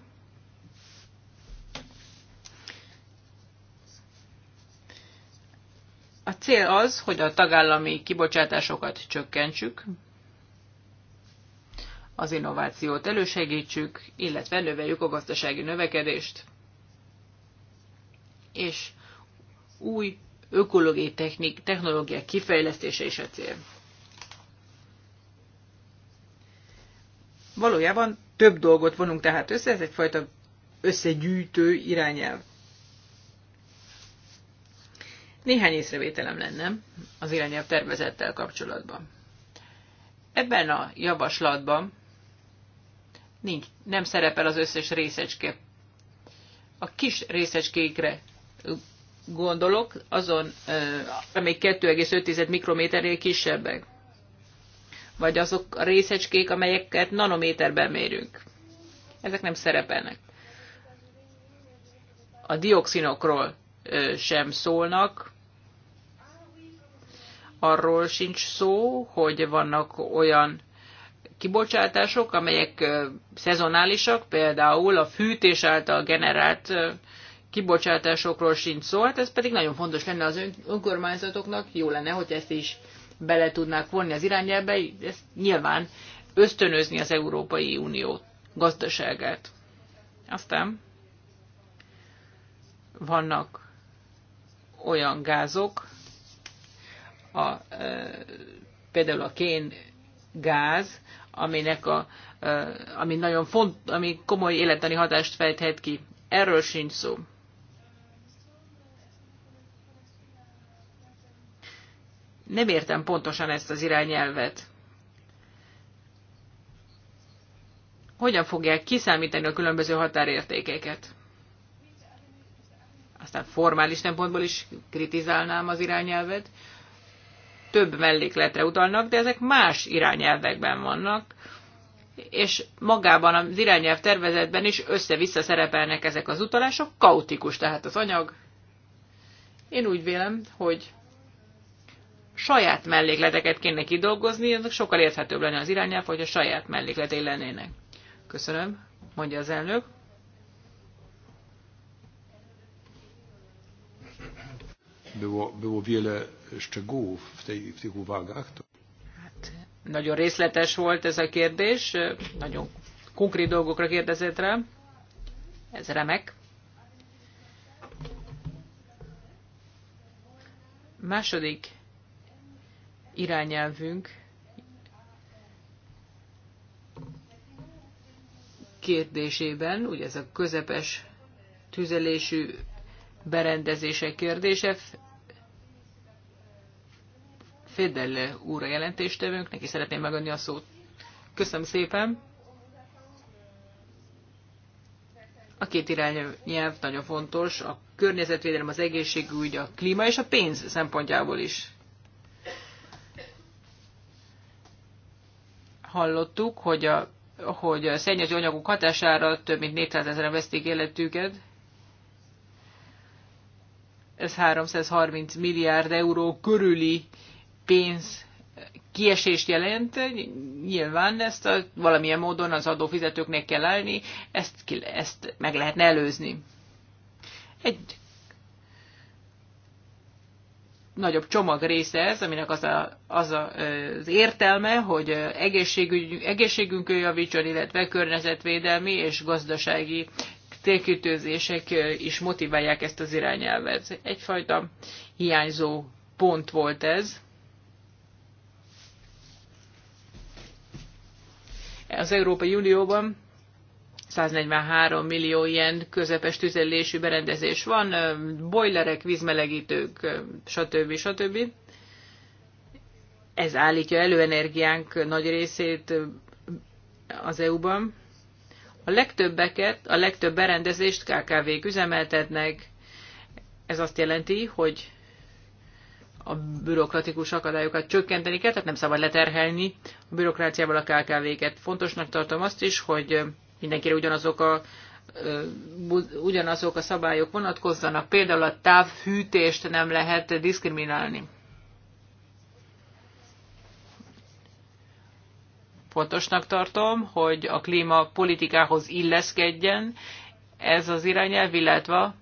A cél az, hogy a tagállami kibocsátásokat csökkentsük, az innovációt elősegítsük, illetve növeljük a gazdasági növekedést, és új ökológiai technik, technológiák kifejlesztése is a cél. Valójában több dolgot vonunk tehát össze, ez egyfajta összegyűjtő irányelv. Néhány észrevételem lenne az irányelv tervezettel kapcsolatban. Ebben a javaslatban nincs, nem szerepel az összes részecske. A kis részecskékre gondolok, azon, amelyik 2,5 mikrométernél kisebbek. Vagy azok a részecskék, amelyeket nanométerben mérünk. Ezek nem szerepelnek. A dioxinokról sem szólnak, arról sincs szó, hogy vannak olyan kibocsátások, amelyek szezonálisak, például a fűtés által generált kibocsátásokról sincs szó, hát ez pedig nagyon fontos lenne az önkormányzatoknak, jó lenne, hogy ezt is bele tudnák vonni az irányelbe, ezt nyilván ösztönözni az Európai Unió gazdaságát. Aztán vannak olyan gázok, a, e, például a kén gáz, aminek a, ami nagyon font, ami komoly életeni hatást fejthet ki. Erről sincs szó. Nem értem pontosan ezt az irányelvet. Hogyan fogják kiszámítani a különböző határértékeket? Aztán formális szempontból is kritizálnám az irányelvet több mellékletre utalnak, de ezek más irányelvekben vannak, és magában az irányelv tervezetben is össze-vissza szerepelnek ezek az utalások, kaotikus tehát az anyag. Én úgy vélem, hogy saját mellékleteket kéne kidolgozni, azok sokkal érthetőbb lenne az irányelv, hogyha saját mellékletei lennének. Köszönöm, mondja az elnök. było, było wiele szczegółów w, tej, w tych uwagach. To... Hát, nagyon részletes volt ez a kérdés, nagyon konkrét dolgokra kérdezett rá. Ez remek. Második irányelvünk kérdésében, ugye ez a közepes tüzelésű berendezések kérdése, Fédel úr a jelentéstevőnk, neki szeretném megadni a szót. Köszönöm szépen! A két irányelv nagyon fontos, a környezetvédelem, az egészségügy, a klíma és a pénz szempontjából is. Hallottuk, hogy a, hogy a szennyező anyagok hatására több mint 400 ezeren veszték életüket. Ez 330 milliárd euró körüli pénz kiesést jelent, nyilván ezt a, valamilyen módon az adófizetőknek kell állni, ezt, ki, ezt meg lehetne előzni. Egy nagyobb csomag része ez, aminek az, a, az, a, az értelme, hogy egészségünk, egészségünkön javítson, illetve környezetvédelmi és gazdasági célkütőzések is motiválják ezt az irányelvet. Egyfajta hiányzó pont volt ez. az Európai Unióban 143 millió ilyen közepes tüzelésű berendezés van, bojlerek, vízmelegítők, stb. stb. Ez állítja elő energiánk nagy részét az EU-ban. A legtöbbeket, a legtöbb berendezést KKV-k üzemeltetnek. Ez azt jelenti, hogy a bürokratikus akadályokat csökkenteni kell, tehát nem szabad leterhelni a bürokráciával a KKV-ket. Fontosnak tartom azt is, hogy mindenkire ugyanazok a ugyanazok a szabályok vonatkozzanak, például a távhűtést nem lehet diszkriminálni. Fontosnak tartom, hogy a klímapolitikához illeszkedjen ez az irányelv, illetve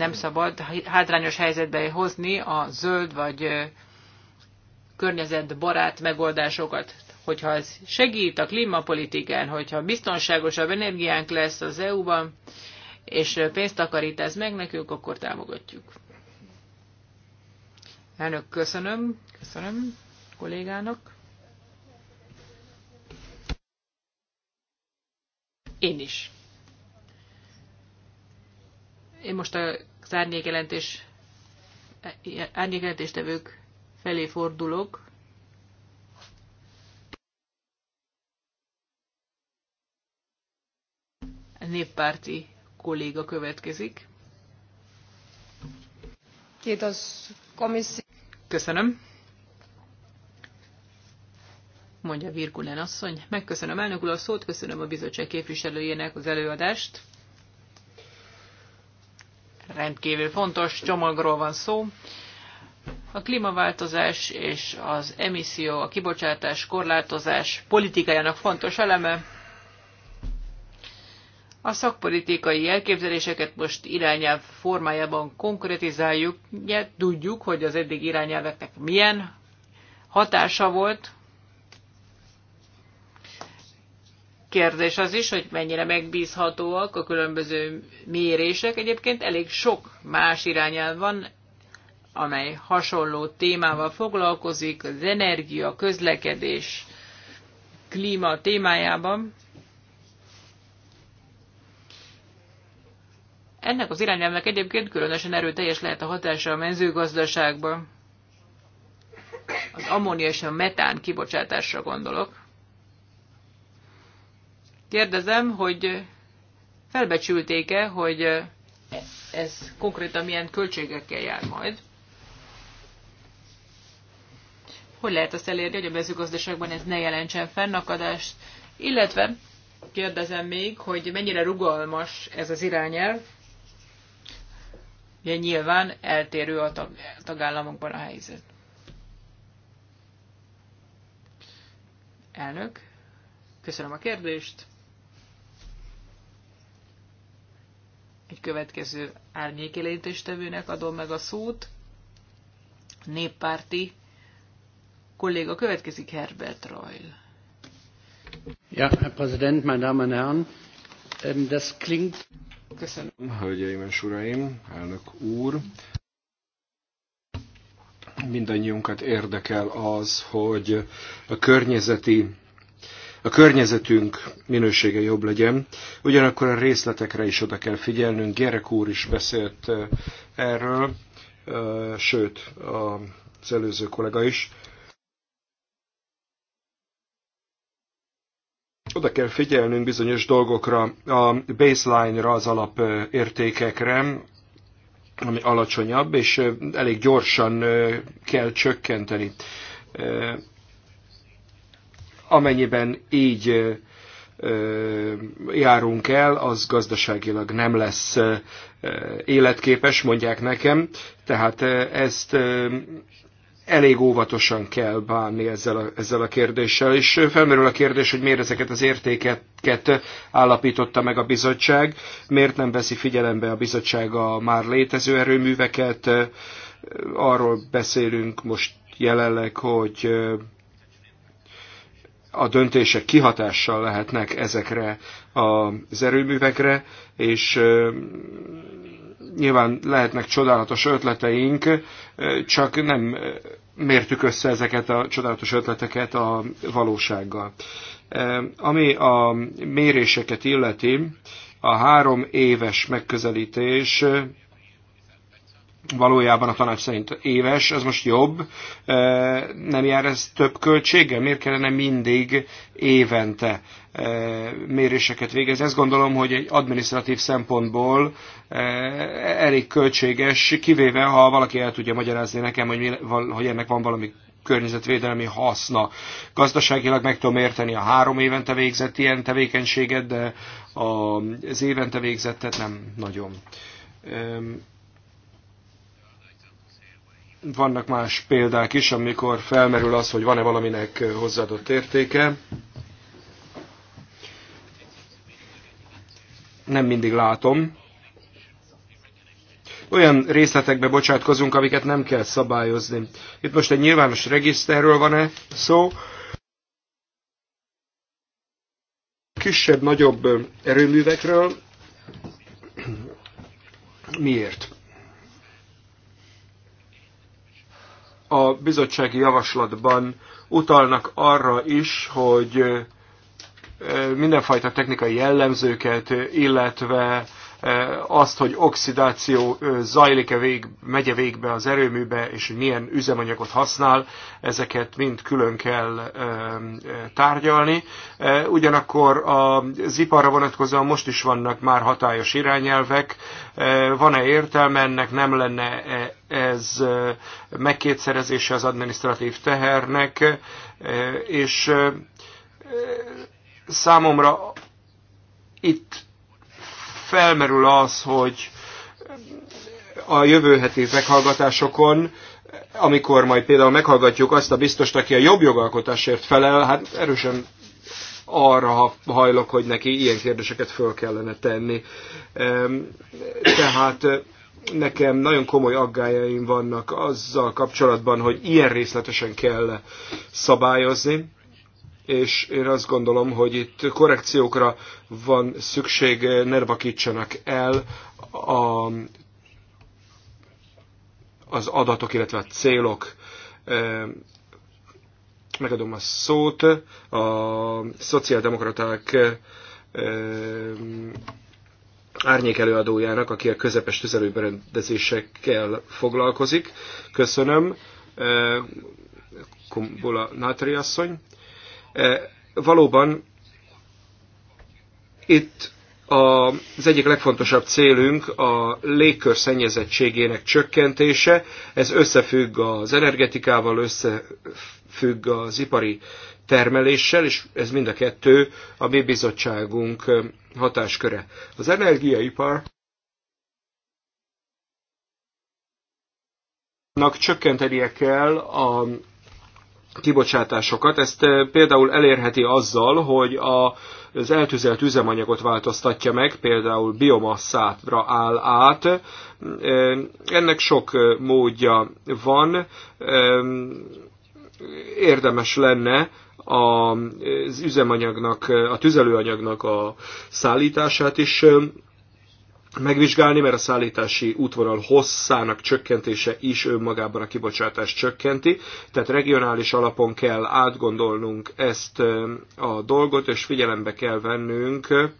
nem szabad hátrányos helyzetbe hozni a zöld vagy környezetbarát megoldásokat. Hogyha ez segít a klímapolitikán, hogyha biztonságosabb energiánk lesz az EU-ban, és pénzt takarít ez meg nekünk, akkor támogatjuk. Elnök, köszönöm. Köszönöm kollégának. Én is. Én most a az árnyékjelentés, árnyékjelentéstevők felé fordulok. A néppárti kolléga következik. Köszönöm. Mondja Virgulen asszony. Megköszönöm elnök úr a szót, köszönöm a bizottság képviselőjének az előadást rendkívül fontos csomagról van szó. A klímaváltozás és az emisszió, a kibocsátás, korlátozás politikájának fontos eleme. A szakpolitikai elképzeléseket most irányelv formájában konkretizáljuk, ugye tudjuk, hogy az eddig irányelveknek milyen hatása volt, Kérdés az is, hogy mennyire megbízhatóak a különböző mérések. Egyébként elég sok más irányel van, amely hasonló témával foglalkozik, az energia, közlekedés, klíma témájában. Ennek az irányelvnek egyébként különösen erőteljes lehet a hatása a mezőgazdaságban. Az ammónia és a metán kibocsátásra gondolok. Kérdezem, hogy felbecsülték-e, hogy ez konkrétan milyen költségekkel jár majd? Hogy lehet azt elérni, hogy a mezőgazdaságban ez ne jelentsen fennakadást? Illetve kérdezem még, hogy mennyire rugalmas ez az irányel, Ugye nyilván eltérő a tag, tagállamokban a helyzet. Elnök, köszönöm a kérdést. egy következő árnyékjelentéstevőnek adom meg a szót. Néppárti kolléga következik Herbert Reul. Ja, Herr Präsident, meine Damen und Herren, ähm, das klingt... Köszönöm. Hölgyeim és uraim, elnök úr, mindannyiunkat érdekel az, hogy a környezeti a környezetünk minősége jobb legyen. Ugyanakkor a részletekre is oda kell figyelnünk. Gerek úr is beszélt erről, sőt, az előző kollega is. oda kell figyelnünk bizonyos dolgokra, a baseline-ra, az alapértékekre, ami alacsonyabb, és elég gyorsan kell csökkenteni amennyiben így járunk el, az gazdaságilag nem lesz életképes, mondják nekem. Tehát ezt elég óvatosan kell bánni ezzel a, ezzel a kérdéssel, és felmerül a kérdés, hogy miért ezeket az értékeket állapította meg a bizottság, miért nem veszi figyelembe a bizottság a már létező erőműveket, arról beszélünk most jelenleg, hogy a döntések kihatással lehetnek ezekre az erőművekre, és nyilván lehetnek csodálatos ötleteink, csak nem mértük össze ezeket a csodálatos ötleteket a valósággal. Ami a méréseket illeti, a három éves megközelítés valójában a tanács szerint éves, ez most jobb, nem jár ez több költséggel? Miért kellene mindig évente méréseket végezni? Ezt gondolom, hogy egy administratív szempontból elég költséges, kivéve ha valaki el tudja magyarázni nekem, hogy, mi, hogy ennek van valami környezetvédelmi haszna. Gazdaságilag meg tudom érteni a három évente végzett ilyen tevékenységet, de az évente végzettet nem nagyon vannak más példák is, amikor felmerül az, hogy van-e valaminek hozzáadott értéke. Nem mindig látom. Olyan részletekbe bocsátkozunk, amiket nem kell szabályozni. Itt most egy nyilvános regiszterről van-e szó. Kisebb-nagyobb erőművekről. Miért? a bizottsági javaslatban utalnak arra is, hogy mindenfajta technikai jellemzőket, illetve azt, hogy oxidáció zajlik-e vég, megye végbe az erőműbe, és hogy milyen üzemanyagot használ, ezeket mind külön kell tárgyalni. Ugyanakkor az iparra vonatkozóan most is vannak már hatályos irányelvek. Van-e értelme ennek, nem lenne -e ez megkétszerezése az administratív tehernek, és számomra itt felmerül az, hogy a jövő heti meghallgatásokon, amikor majd például meghallgatjuk azt a biztost, aki a jobb jogalkotásért felel, hát erősen arra hajlok, hogy neki ilyen kérdéseket föl kellene tenni. Tehát nekem nagyon komoly aggájaim vannak azzal kapcsolatban, hogy ilyen részletesen kell szabályozni és én azt gondolom, hogy itt korrekciókra van szükség, ne vakítsanak el a, az adatok, illetve a célok. Megadom a szót a szociáldemokraták árnyék előadójának, aki a közepes tüzelőberendezésekkel foglalkozik. Köszönöm. Kumbula Nátri asszony. Eh, valóban itt az egyik legfontosabb célunk a légkör szennyezettségének csökkentése. Ez összefügg az energetikával, összefügg az ipari termeléssel, és ez mind a kettő a mi bizottságunk eh, hatásköre. Az energiaipar csökkentenie kell a kibocsátásokat. Ezt eh, például elérheti azzal, hogy a, az eltűzelt üzemanyagot változtatja meg, például biomasszátra áll át. Eh, ennek sok eh, módja van. Érdemes lenne az üzemanyagnak, a tüzelőanyagnak a szállítását is megvizsgálni, mert a szállítási útvonal hosszának csökkentése is önmagában a kibocsátást csökkenti, tehát regionális alapon kell átgondolnunk ezt eh, a dolgot, és figyelembe kell vennünk eh,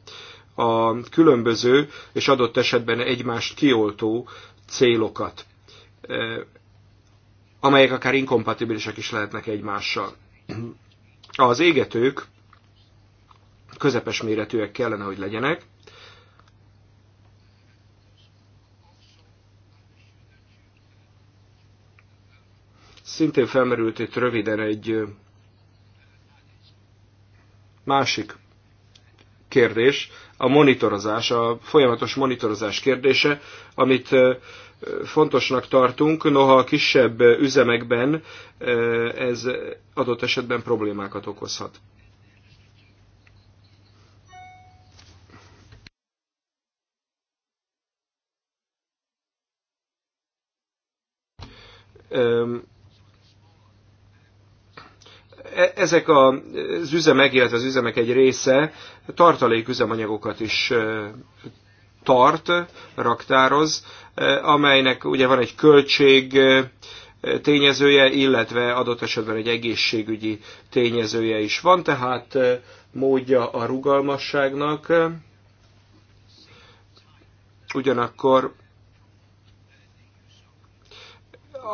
a különböző és adott esetben egymást kioltó célokat, eh, amelyek akár inkompatibilisek is lehetnek egymással. Az égetők közepes méretűek kellene, hogy legyenek, Szintén felmerült itt röviden egy másik kérdés, a monitorozás, a folyamatos monitorozás kérdése, amit fontosnak tartunk, noha a kisebb üzemekben ez adott esetben problémákat okozhat. Um, E, ezek az üzemek, illetve az üzemek egy része tartalék üzemanyagokat is e, tart, raktároz, e, amelynek ugye van egy költség tényezője, illetve adott esetben egy egészségügyi tényezője is van, tehát módja a rugalmasságnak. Ugyanakkor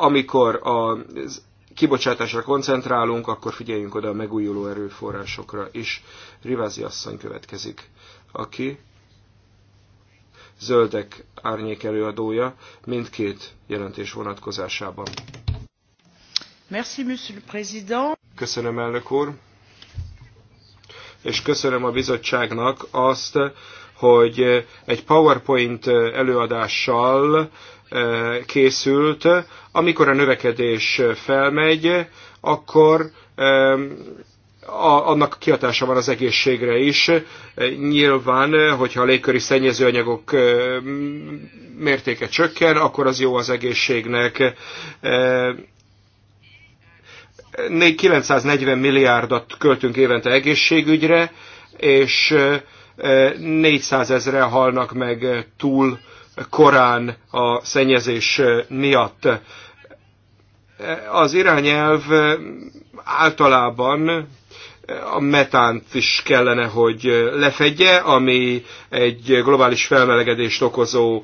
amikor az kibocsátásra koncentrálunk, akkor figyeljünk oda a megújuló erőforrásokra is. Rivázi asszony következik, aki zöldek árnyék előadója mindkét jelentés vonatkozásában. Merci, monsieur le président. Köszönöm, elnök úr. És köszönöm a bizottságnak azt, hogy egy PowerPoint előadással készült, amikor a növekedés felmegy, akkor annak kihatása van az egészségre is. Nyilván, hogyha a légköri szennyezőanyagok mértéke csökken, akkor az jó az egészségnek. 940 milliárdat költünk évente egészségügyre, és 400 ezre halnak meg túl korán a szennyezés miatt. Az irányelv általában a metánt is kellene, hogy lefedje, ami egy globális felmelegedést okozó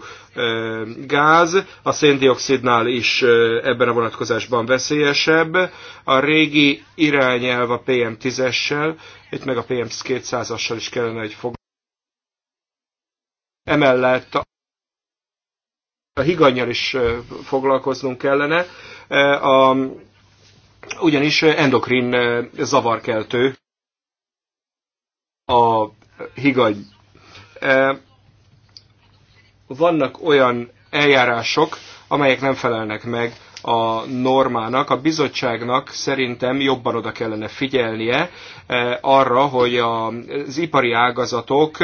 gáz, a széndiokszidnál is ebben a vonatkozásban veszélyesebb. A régi irányelv a PM10-essel, itt meg a PM200-assal is kellene, hogy fog. Emellett a higanyjal is foglalkoznunk kellene, a, ugyanis endokrin zavarkeltő a higany. Vannak olyan eljárások, amelyek nem felelnek meg a normának, a bizottságnak szerintem jobban oda kellene figyelnie arra, hogy az ipari ágazatok,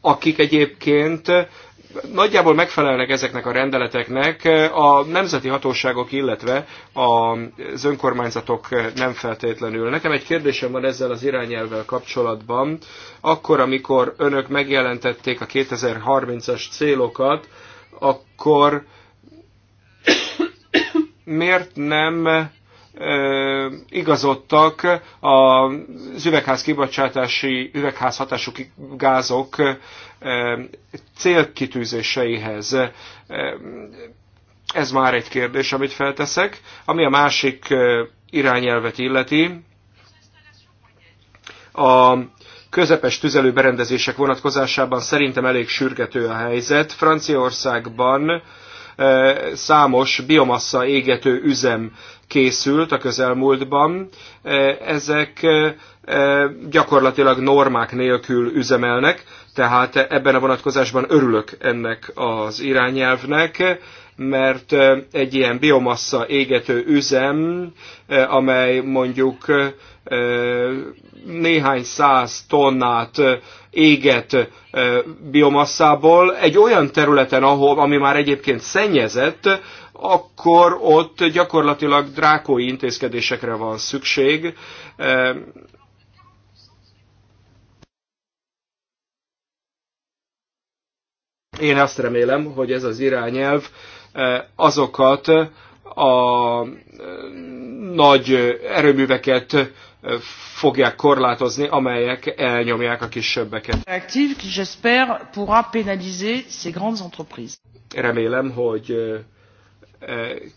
akik egyébként nagyjából megfelelnek ezeknek a rendeleteknek. A nemzeti hatóságok, illetve az önkormányzatok nem feltétlenül. Nekem egy kérdésem van ezzel az irányelvvel kapcsolatban. Akkor, amikor önök megjelentették a 2030-as célokat, akkor miért nem igazodtak az üvegház kibocsátási, üvegházhatású gázok célkitűzéseihez. Ez már egy kérdés, amit felteszek. Ami a másik irányelvet illeti, a közepes tüzelőberendezések vonatkozásában szerintem elég sürgető a helyzet. Franciaországban számos biomassa égető üzem készült a közelmúltban. Ezek gyakorlatilag normák nélkül üzemelnek, tehát ebben a vonatkozásban örülök ennek az irányelvnek mert egy ilyen biomassa égető üzem, amely mondjuk néhány száz tonnát éget biomasszából egy olyan területen, ahol, ami már egyébként szennyezett, akkor ott gyakorlatilag drákói intézkedésekre van szükség. Én azt remélem, hogy ez az irányelv azokat a nagy erőműveket fogják korlátozni, amelyek elnyomják a kisebbeket. grandes Remélem, hogy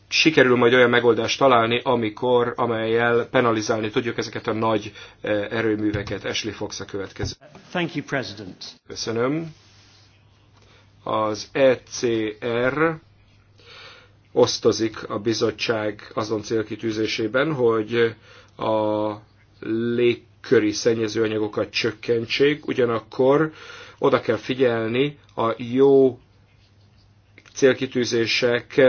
sikerül majd olyan megoldást találni, amikor, amelyel penalizálni tudjuk ezeket a nagy erőműveket. Ashley Fox a következő. Thank you, President. Köszönöm. Az ECR osztozik a bizottság azon célkitűzésében, hogy a légköri szennyezőanyagokat csökkentsék, ugyanakkor oda kell figyelni a jó célkitűzések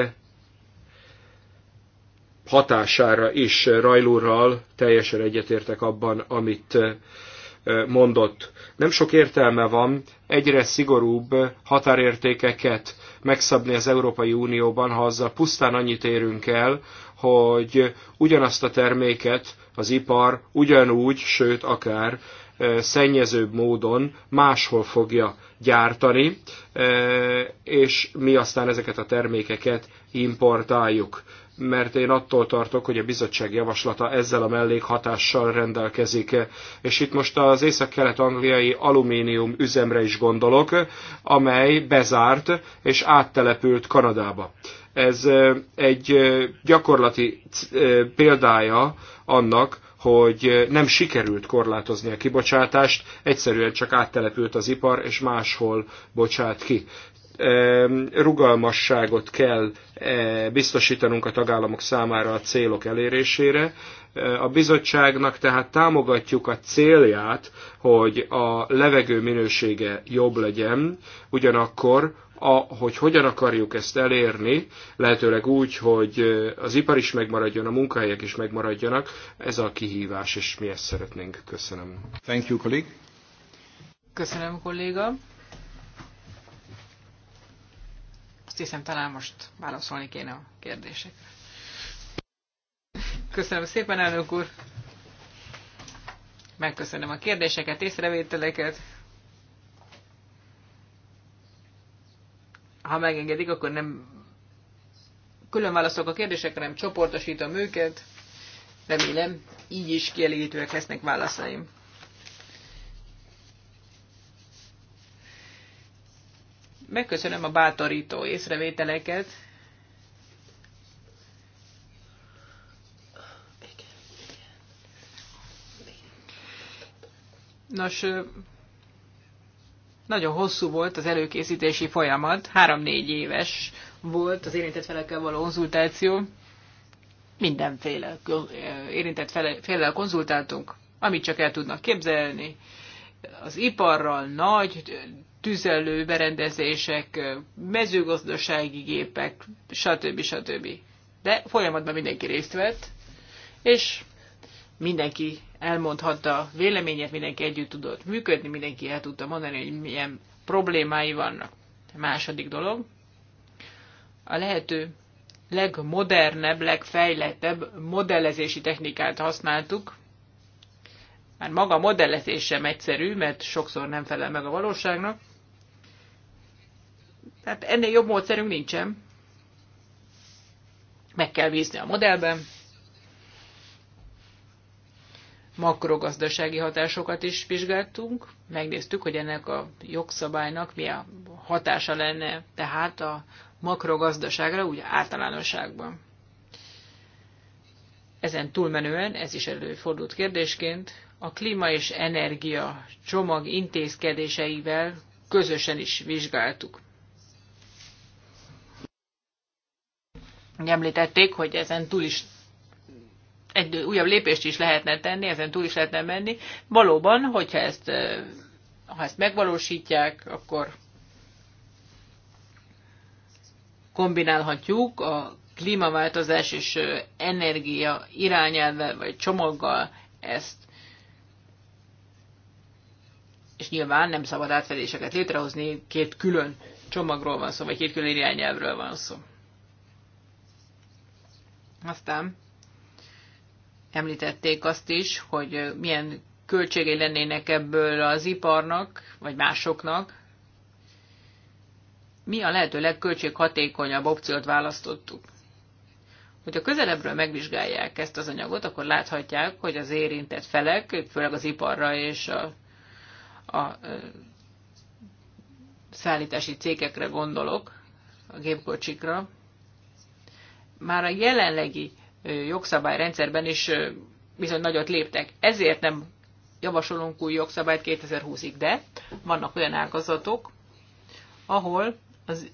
hatására is rajlóral teljesen egyetértek abban, amit mondott. Nem sok értelme van egyre szigorúbb határértékeket megszabni az Európai Unióban, ha azzal pusztán annyit érünk el, hogy ugyanazt a terméket az ipar ugyanúgy, sőt akár szennyezőbb módon máshol fogja gyártani, és mi aztán ezeket a termékeket importáljuk mert én attól tartok, hogy a bizottság javaslata ezzel a mellékhatással rendelkezik. És itt most az észak-kelet-angliai alumínium üzemre is gondolok, amely bezárt és áttelepült Kanadába. Ez egy gyakorlati példája annak, hogy nem sikerült korlátozni a kibocsátást, egyszerűen csak áttelepült az ipar, és máshol bocsát ki rugalmasságot kell E, biztosítanunk a tagállamok számára a célok elérésére. E, a bizottságnak tehát támogatjuk a célját, hogy a levegő minősége jobb legyen, ugyanakkor a, hogy hogyan akarjuk ezt elérni, lehetőleg úgy, hogy e, az ipar is megmaradjon, a munkahelyek is megmaradjanak, ez a kihívás, és mi ezt szeretnénk. Köszönöm. Thank you, colleague. Köszönöm, kolléga. Azt hiszem talán most válaszolni kéne a kérdésekre. Köszönöm szépen, elnök úr! Megköszönöm a kérdéseket, észrevételeket. Ha megengedik, akkor nem külön válaszolok a kérdésekre, hanem csoportosítom őket. Remélem, így is kielégítőek lesznek válaszaim. Megköszönöm a bátorító észrevételeket. Nos, nagyon hosszú volt az előkészítési folyamat, három-négy éves volt az érintett felekkel való konzultáció. Mindenféle érintett felel konzultáltunk, amit csak el tudnak képzelni. Az iparral, nagy tüzelő berendezések, mezőgazdasági gépek, stb. stb. De folyamatban mindenki részt vett, és mindenki elmondhatta véleményet, mindenki együtt tudott működni, mindenki el tudta mondani, hogy milyen problémái vannak. A második dolog, a lehető legmodernebb, legfejlettebb modellezési technikát használtuk. Már maga a modellezés sem egyszerű, mert sokszor nem felel meg a valóságnak, tehát ennél jobb módszerünk nincsen. Meg kell bízni a modellben. Makrogazdasági hatásokat is vizsgáltunk, megnéztük, hogy ennek a jogszabálynak mi a hatása lenne tehát a makrogazdaságra úgy általánosságban. Ezen túlmenően, ez is előfordult kérdésként, a klíma és energia csomag intézkedéseivel közösen is vizsgáltuk. Említették, hogy ezen túl is egy újabb lépést is lehetne tenni, ezen túl is lehetne menni. Valóban, hogyha ezt, ha ezt megvalósítják, akkor kombinálhatjuk a klímaváltozás és energia irányelvvel vagy csomaggal ezt. És nyilván nem szabad átfedéseket létrehozni, két külön csomagról van szó, vagy két külön irányelvről van szó. Aztán említették azt is, hogy milyen költségei lennének ebből az iparnak, vagy másoknak. Mi a lehető legköltséghatékonyabb opciót választottuk? Hogyha közelebbről megvizsgálják ezt az anyagot, akkor láthatják, hogy az érintett felek, főleg az iparra és a, a, a szállítási cégekre gondolok, a gépkocsikra, már a jelenlegi jogszabályrendszerben is bizony nagyot léptek. Ezért nem javasolunk új jogszabályt 2020-ig, de vannak olyan ágazatok, ahol az,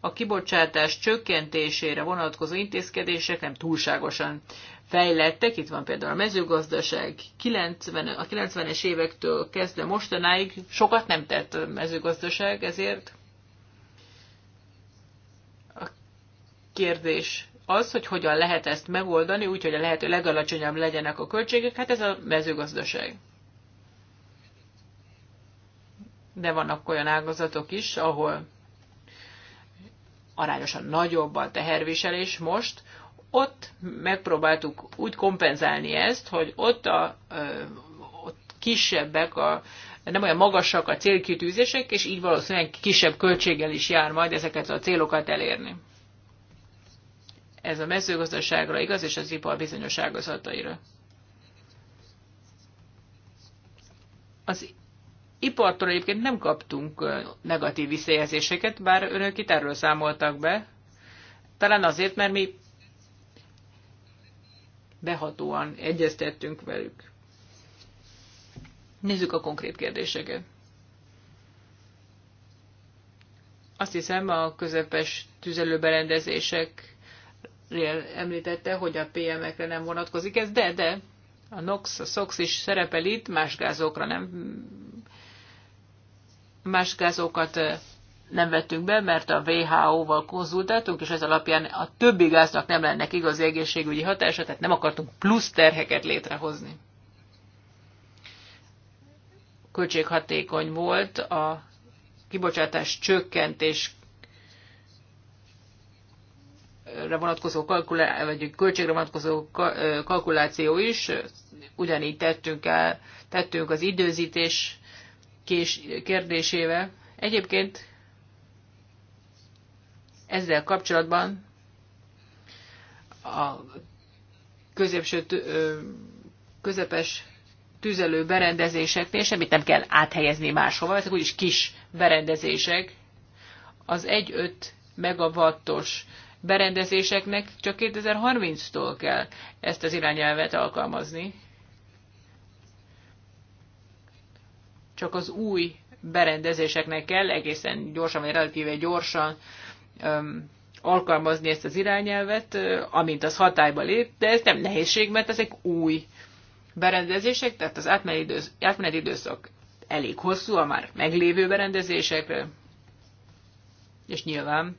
a kibocsátás csökkentésére vonatkozó intézkedések nem túlságosan fejlettek. Itt van például a mezőgazdaság, 90, a 90-es évektől kezdve mostanáig sokat nem tett a mezőgazdaság, ezért kérdés az, hogy hogyan lehet ezt megoldani, úgy, hogy a lehető legalacsonyabb legyenek a költségek, hát ez a mezőgazdaság. De vannak olyan ágazatok is, ahol arányosan nagyobb a teherviselés most, ott megpróbáltuk úgy kompenzálni ezt, hogy ott a ott kisebbek, a, nem olyan magasak a célkitűzések, és így valószínűleg kisebb költséggel is jár majd ezeket a célokat elérni. Ez a mezőgazdaságra igaz, és az ipar bizonyos ágazataira. Az ipartól egyébként nem kaptunk negatív visszajelzéseket, bár önök itt erről számoltak be. Talán azért, mert mi behatóan egyeztettünk velük. Nézzük a konkrét kérdéseket. Azt hiszem, a közepes tüzelőberendezések említette, hogy a PM-ekre nem vonatkozik ez, de, de a NOx, a SOx is szerepel itt, más gázokra nem, más gázokat nem vettünk be, mert a WHO-val konzultáltunk, és ez alapján a többi gáznak nem lenne igazi egészségügyi hatása, tehát nem akartunk plusz terheket létrehozni. Költséghatékony volt a kibocsátás csökkentés költségre vonatkozó kalkulá- vagy költségre vonatkozó kalkuláció is. Ugyanígy tettünk, el, tettünk az időzítés kés- kérdésével. Egyébként ezzel kapcsolatban a középső közepes tüzelő berendezéseknél semmit nem kell áthelyezni máshova, ezek úgyis kis berendezések. Az 1-5 megawattos berendezéseknek csak 2030-tól kell ezt az irányelvet alkalmazni. Csak az új berendezéseknek kell egészen gyorsan, vagy relatíve gyorsan öm, alkalmazni ezt az irányelvet, amint az hatályba lép, de ez nem nehézség, mert ezek új berendezések, tehát az átmeneti, időszak, átmenet időszak elég hosszú a már meglévő berendezésekre, és nyilván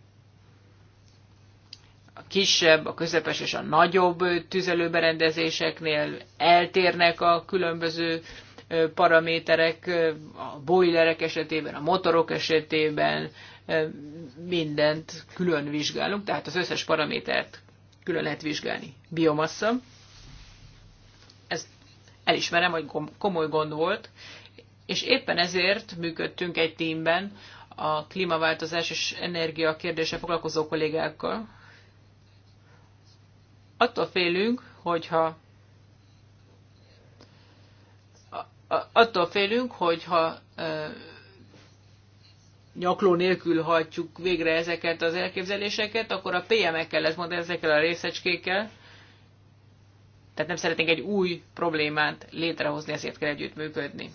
a kisebb, a közepes és a nagyobb tüzelőberendezéseknél eltérnek a különböző paraméterek, a boilerek esetében, a motorok esetében mindent külön vizsgálunk, tehát az összes paramétert külön lehet vizsgálni. Biomassa, ez elismerem, hogy komoly gond volt, és éppen ezért működtünk egy tímben a klímaváltozás és energia kérdése foglalkozó kollégákkal, Attól félünk, hogyha attól félünk, hogyha nyakló nélkül hajtjuk végre ezeket az elképzeléseket, akkor a PM-ekkel lesz mondani ezekkel a részecskékkel, tehát nem szeretnénk egy új problémát létrehozni, ezért kell együttműködni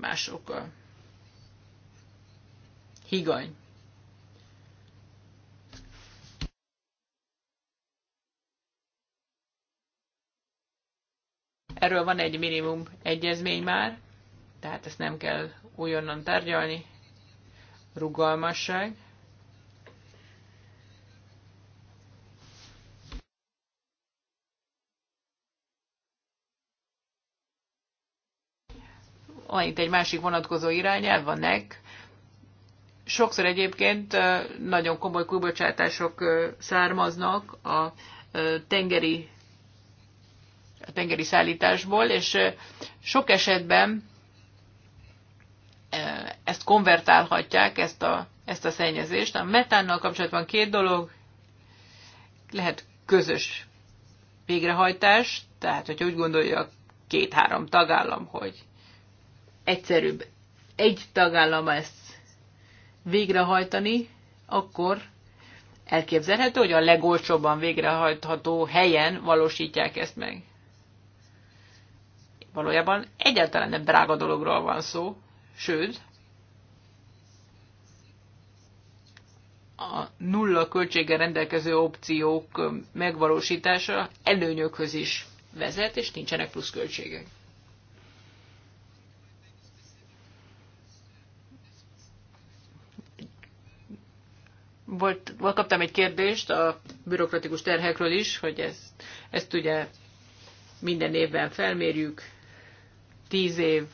másokkal. Higany. Erről van egy minimum egyezmény már, tehát ezt nem kell újonnan tárgyalni. Rugalmasság. van itt egy másik vonatkozó irányelv, van nek. Sokszor egyébként nagyon komoly kubocsátások származnak a tengeri a tengeri szállításból, és sok esetben ezt konvertálhatják, ezt a, ezt a szennyezést. A metánnal kapcsolatban két dolog, lehet közös végrehajtás, tehát hogyha úgy gondolja két-három tagállam, hogy egyszerűbb egy tagállam ezt végrehajtani, akkor elképzelhető, hogy a legolcsóbban végrehajtható helyen valósítják ezt meg valójában egyáltalán nem drága dologról van szó, sőt, a nulla költséggel rendelkező opciók megvalósítása előnyökhöz is vezet, és nincsenek költségek. Volt, volt, kaptam egy kérdést a bürokratikus terhekről is, hogy ezt, ezt ugye minden évben felmérjük, tíz év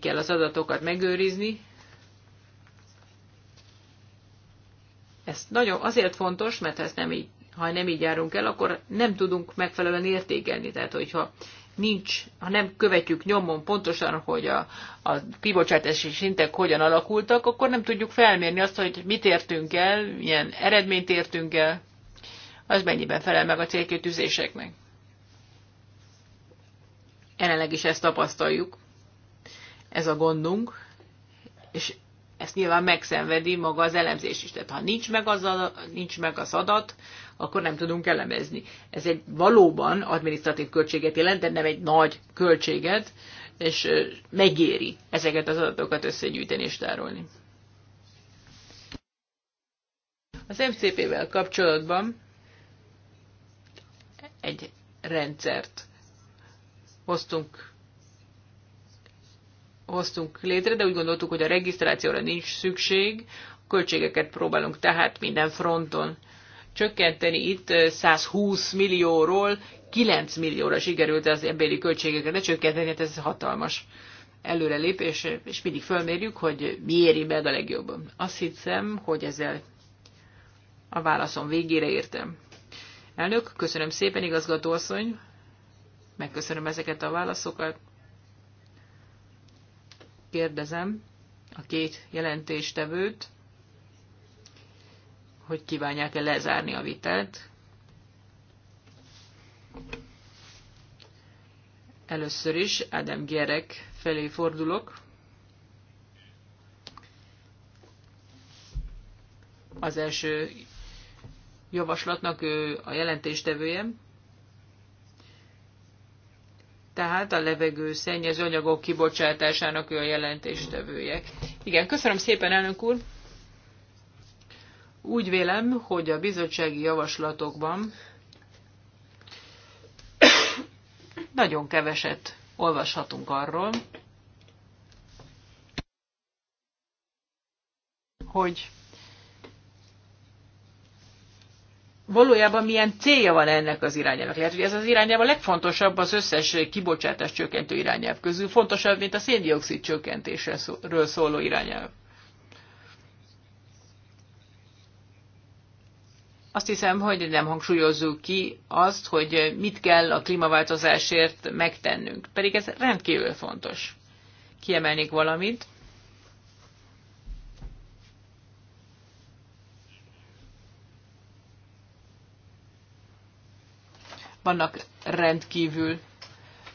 kell az adatokat megőrizni. Ez nagyon azért fontos, mert ha, nem így, ha nem így járunk el, akkor nem tudunk megfelelően értékelni. Tehát, hogyha nincs, ha nem követjük nyomon pontosan, hogy a, a kibocsátási szintek hogyan alakultak, akkor nem tudjuk felmérni azt, hogy mit értünk el, milyen eredményt értünk el, az mennyiben felel meg a célkitűzéseknek. Jelenleg is ezt tapasztaljuk, ez a gondunk, és ezt nyilván megszenvedi maga az elemzés is. Tehát ha nincs meg az, a, nincs meg az adat, akkor nem tudunk elemezni. Ez egy valóban adminisztratív költséget jelent, de nem egy nagy költséget, és megéri ezeket az adatokat összegyűjteni és tárolni. Az MCP-vel kapcsolatban egy rendszert hoztunk, hoztunk létre, de úgy gondoltuk, hogy a regisztrációra nincs szükség, a költségeket próbálunk tehát minden fronton csökkenteni. Itt 120 millióról 9 millióra sikerült az emberi költségeket de csökkenteni, hát ez hatalmas előrelépés, és mindig fölmérjük, hogy mi éri meg a legjobb. Azt hiszem, hogy ezzel a válaszom végére értem. Elnök, köszönöm szépen, igazgatóasszony. Megköszönöm ezeket a válaszokat. Kérdezem a két jelentéstevőt, hogy kívánják-e lezárni a vitát. Először is Adam Gerek, felé fordulok. Az első javaslatnak ő a jelentéstevője tehát a levegő szennyező anyagok kibocsátásának olyan a jelentéstevője. Igen, köszönöm szépen, elnök úr! Úgy vélem, hogy a bizottsági javaslatokban nagyon keveset olvashatunk arról, hogy valójában milyen célja van ennek az irányelvnek. Lehet, hogy ez az irányelv a legfontosabb az összes kibocsátás csökkentő irányelv közül, fontosabb, mint a széndiokszid csökkentésről szóló irányelv. Azt hiszem, hogy nem hangsúlyozzuk ki azt, hogy mit kell a klímaváltozásért megtennünk, pedig ez rendkívül fontos. Kiemelnék valamit, vannak rendkívül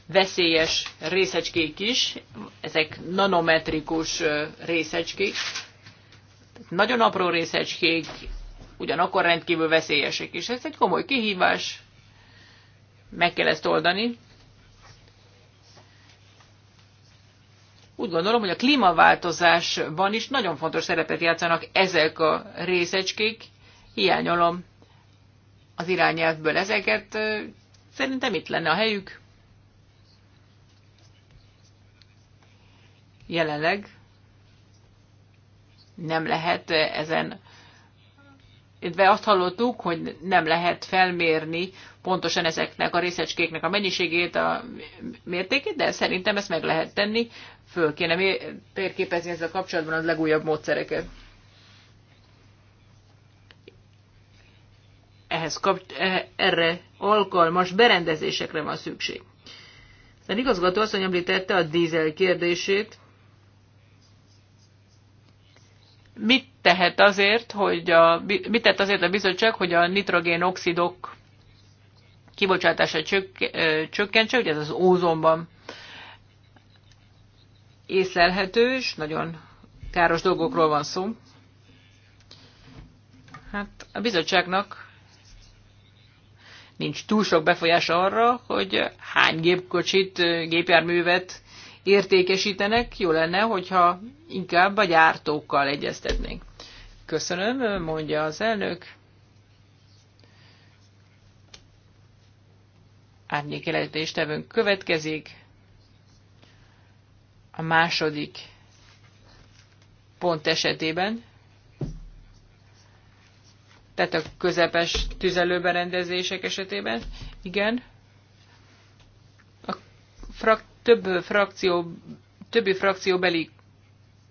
veszélyes részecskék is, ezek nanometrikus részecskék, nagyon apró részecskék, ugyanakkor rendkívül veszélyesek is. Ez egy komoly kihívás, meg kell ezt oldani. Úgy gondolom, hogy a klímaváltozásban is nagyon fontos szerepet játszanak ezek a részecskék. Hiányolom az irányelvből ezeket Szerintem itt lenne a helyük. Jelenleg nem lehet ezen illetve azt hallottuk, hogy nem lehet felmérni pontosan ezeknek a részecskéknek a mennyiségét, a mértékét, de szerintem ezt meg lehet tenni. Föl kéne térképezni ezzel kapcsolatban az legújabb módszereket. ehhez kap, e, erre alkalmas berendezésekre van szükség. Aztán igazgató asszony említette a dízel kérdését. Mit tehet azért, hogy a, mit tett azért a bizottság, hogy a nitrogén oxidok kibocsátása e, csökkentse, ugye ez az ózonban észlelhető, és nagyon káros dolgokról van szó. Hát a bizottságnak nincs túl sok befolyás arra, hogy hány gépkocsit, gépjárművet értékesítenek. Jó lenne, hogyha inkább a gyártókkal egyeztetnénk. Köszönöm, mondja az elnök. tevünk következik. A második pont esetében tehát a közepes tüzelőberendezések esetében. Igen. A frak, több frakció, többi frakcióbeli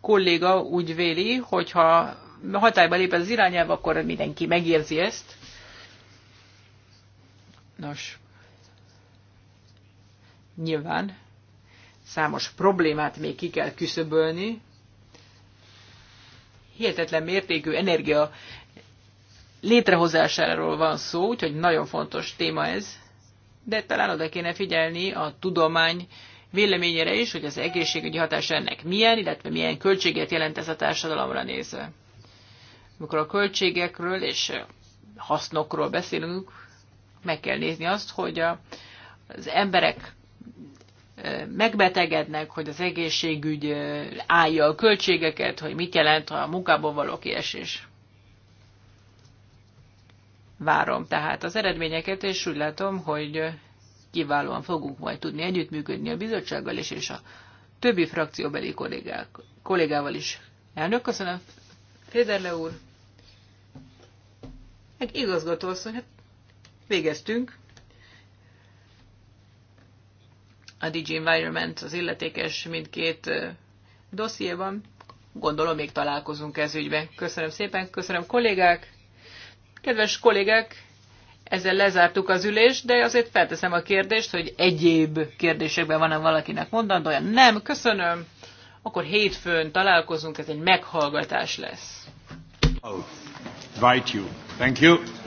kolléga úgy véli, hogyha hatályba lép az irányelv, akkor mindenki megérzi ezt. Nos, nyilván számos problémát még ki kell küszöbölni. Hihetetlen mértékű energia létrehozásáról van szó, úgyhogy nagyon fontos téma ez, de talán oda kéne figyelni a tudomány véleményére is, hogy az egészségügyi hatás ennek milyen, illetve milyen költséget jelent ez a társadalomra nézve. Amikor a költségekről és hasznokról beszélünk, meg kell nézni azt, hogy a, az emberek megbetegednek, hogy az egészségügy állja a költségeket, hogy mit jelent a munkából való kiesés. Várom tehát az eredményeket, és úgy látom, hogy kiválóan fogunk majd tudni együttműködni a bizottsággal is, és a többi frakcióbeli kollégák, kollégával is. Elnök, köszönöm, Féderle úr. Meg hát igazgató asszony, hát végeztünk. A DG Environment az illetékes mindkét dossziéban. Gondolom még találkozunk ez ügyben. Köszönöm szépen, köszönöm kollégák! Kedves kollégek, ezzel lezártuk az ülést, de azért felteszem a kérdést, hogy egyéb kérdésekben van-e valakinek mondandója. Nem, köszönöm. Akkor hétfőn találkozunk, ez egy meghallgatás lesz. Oh, invite you. Thank you.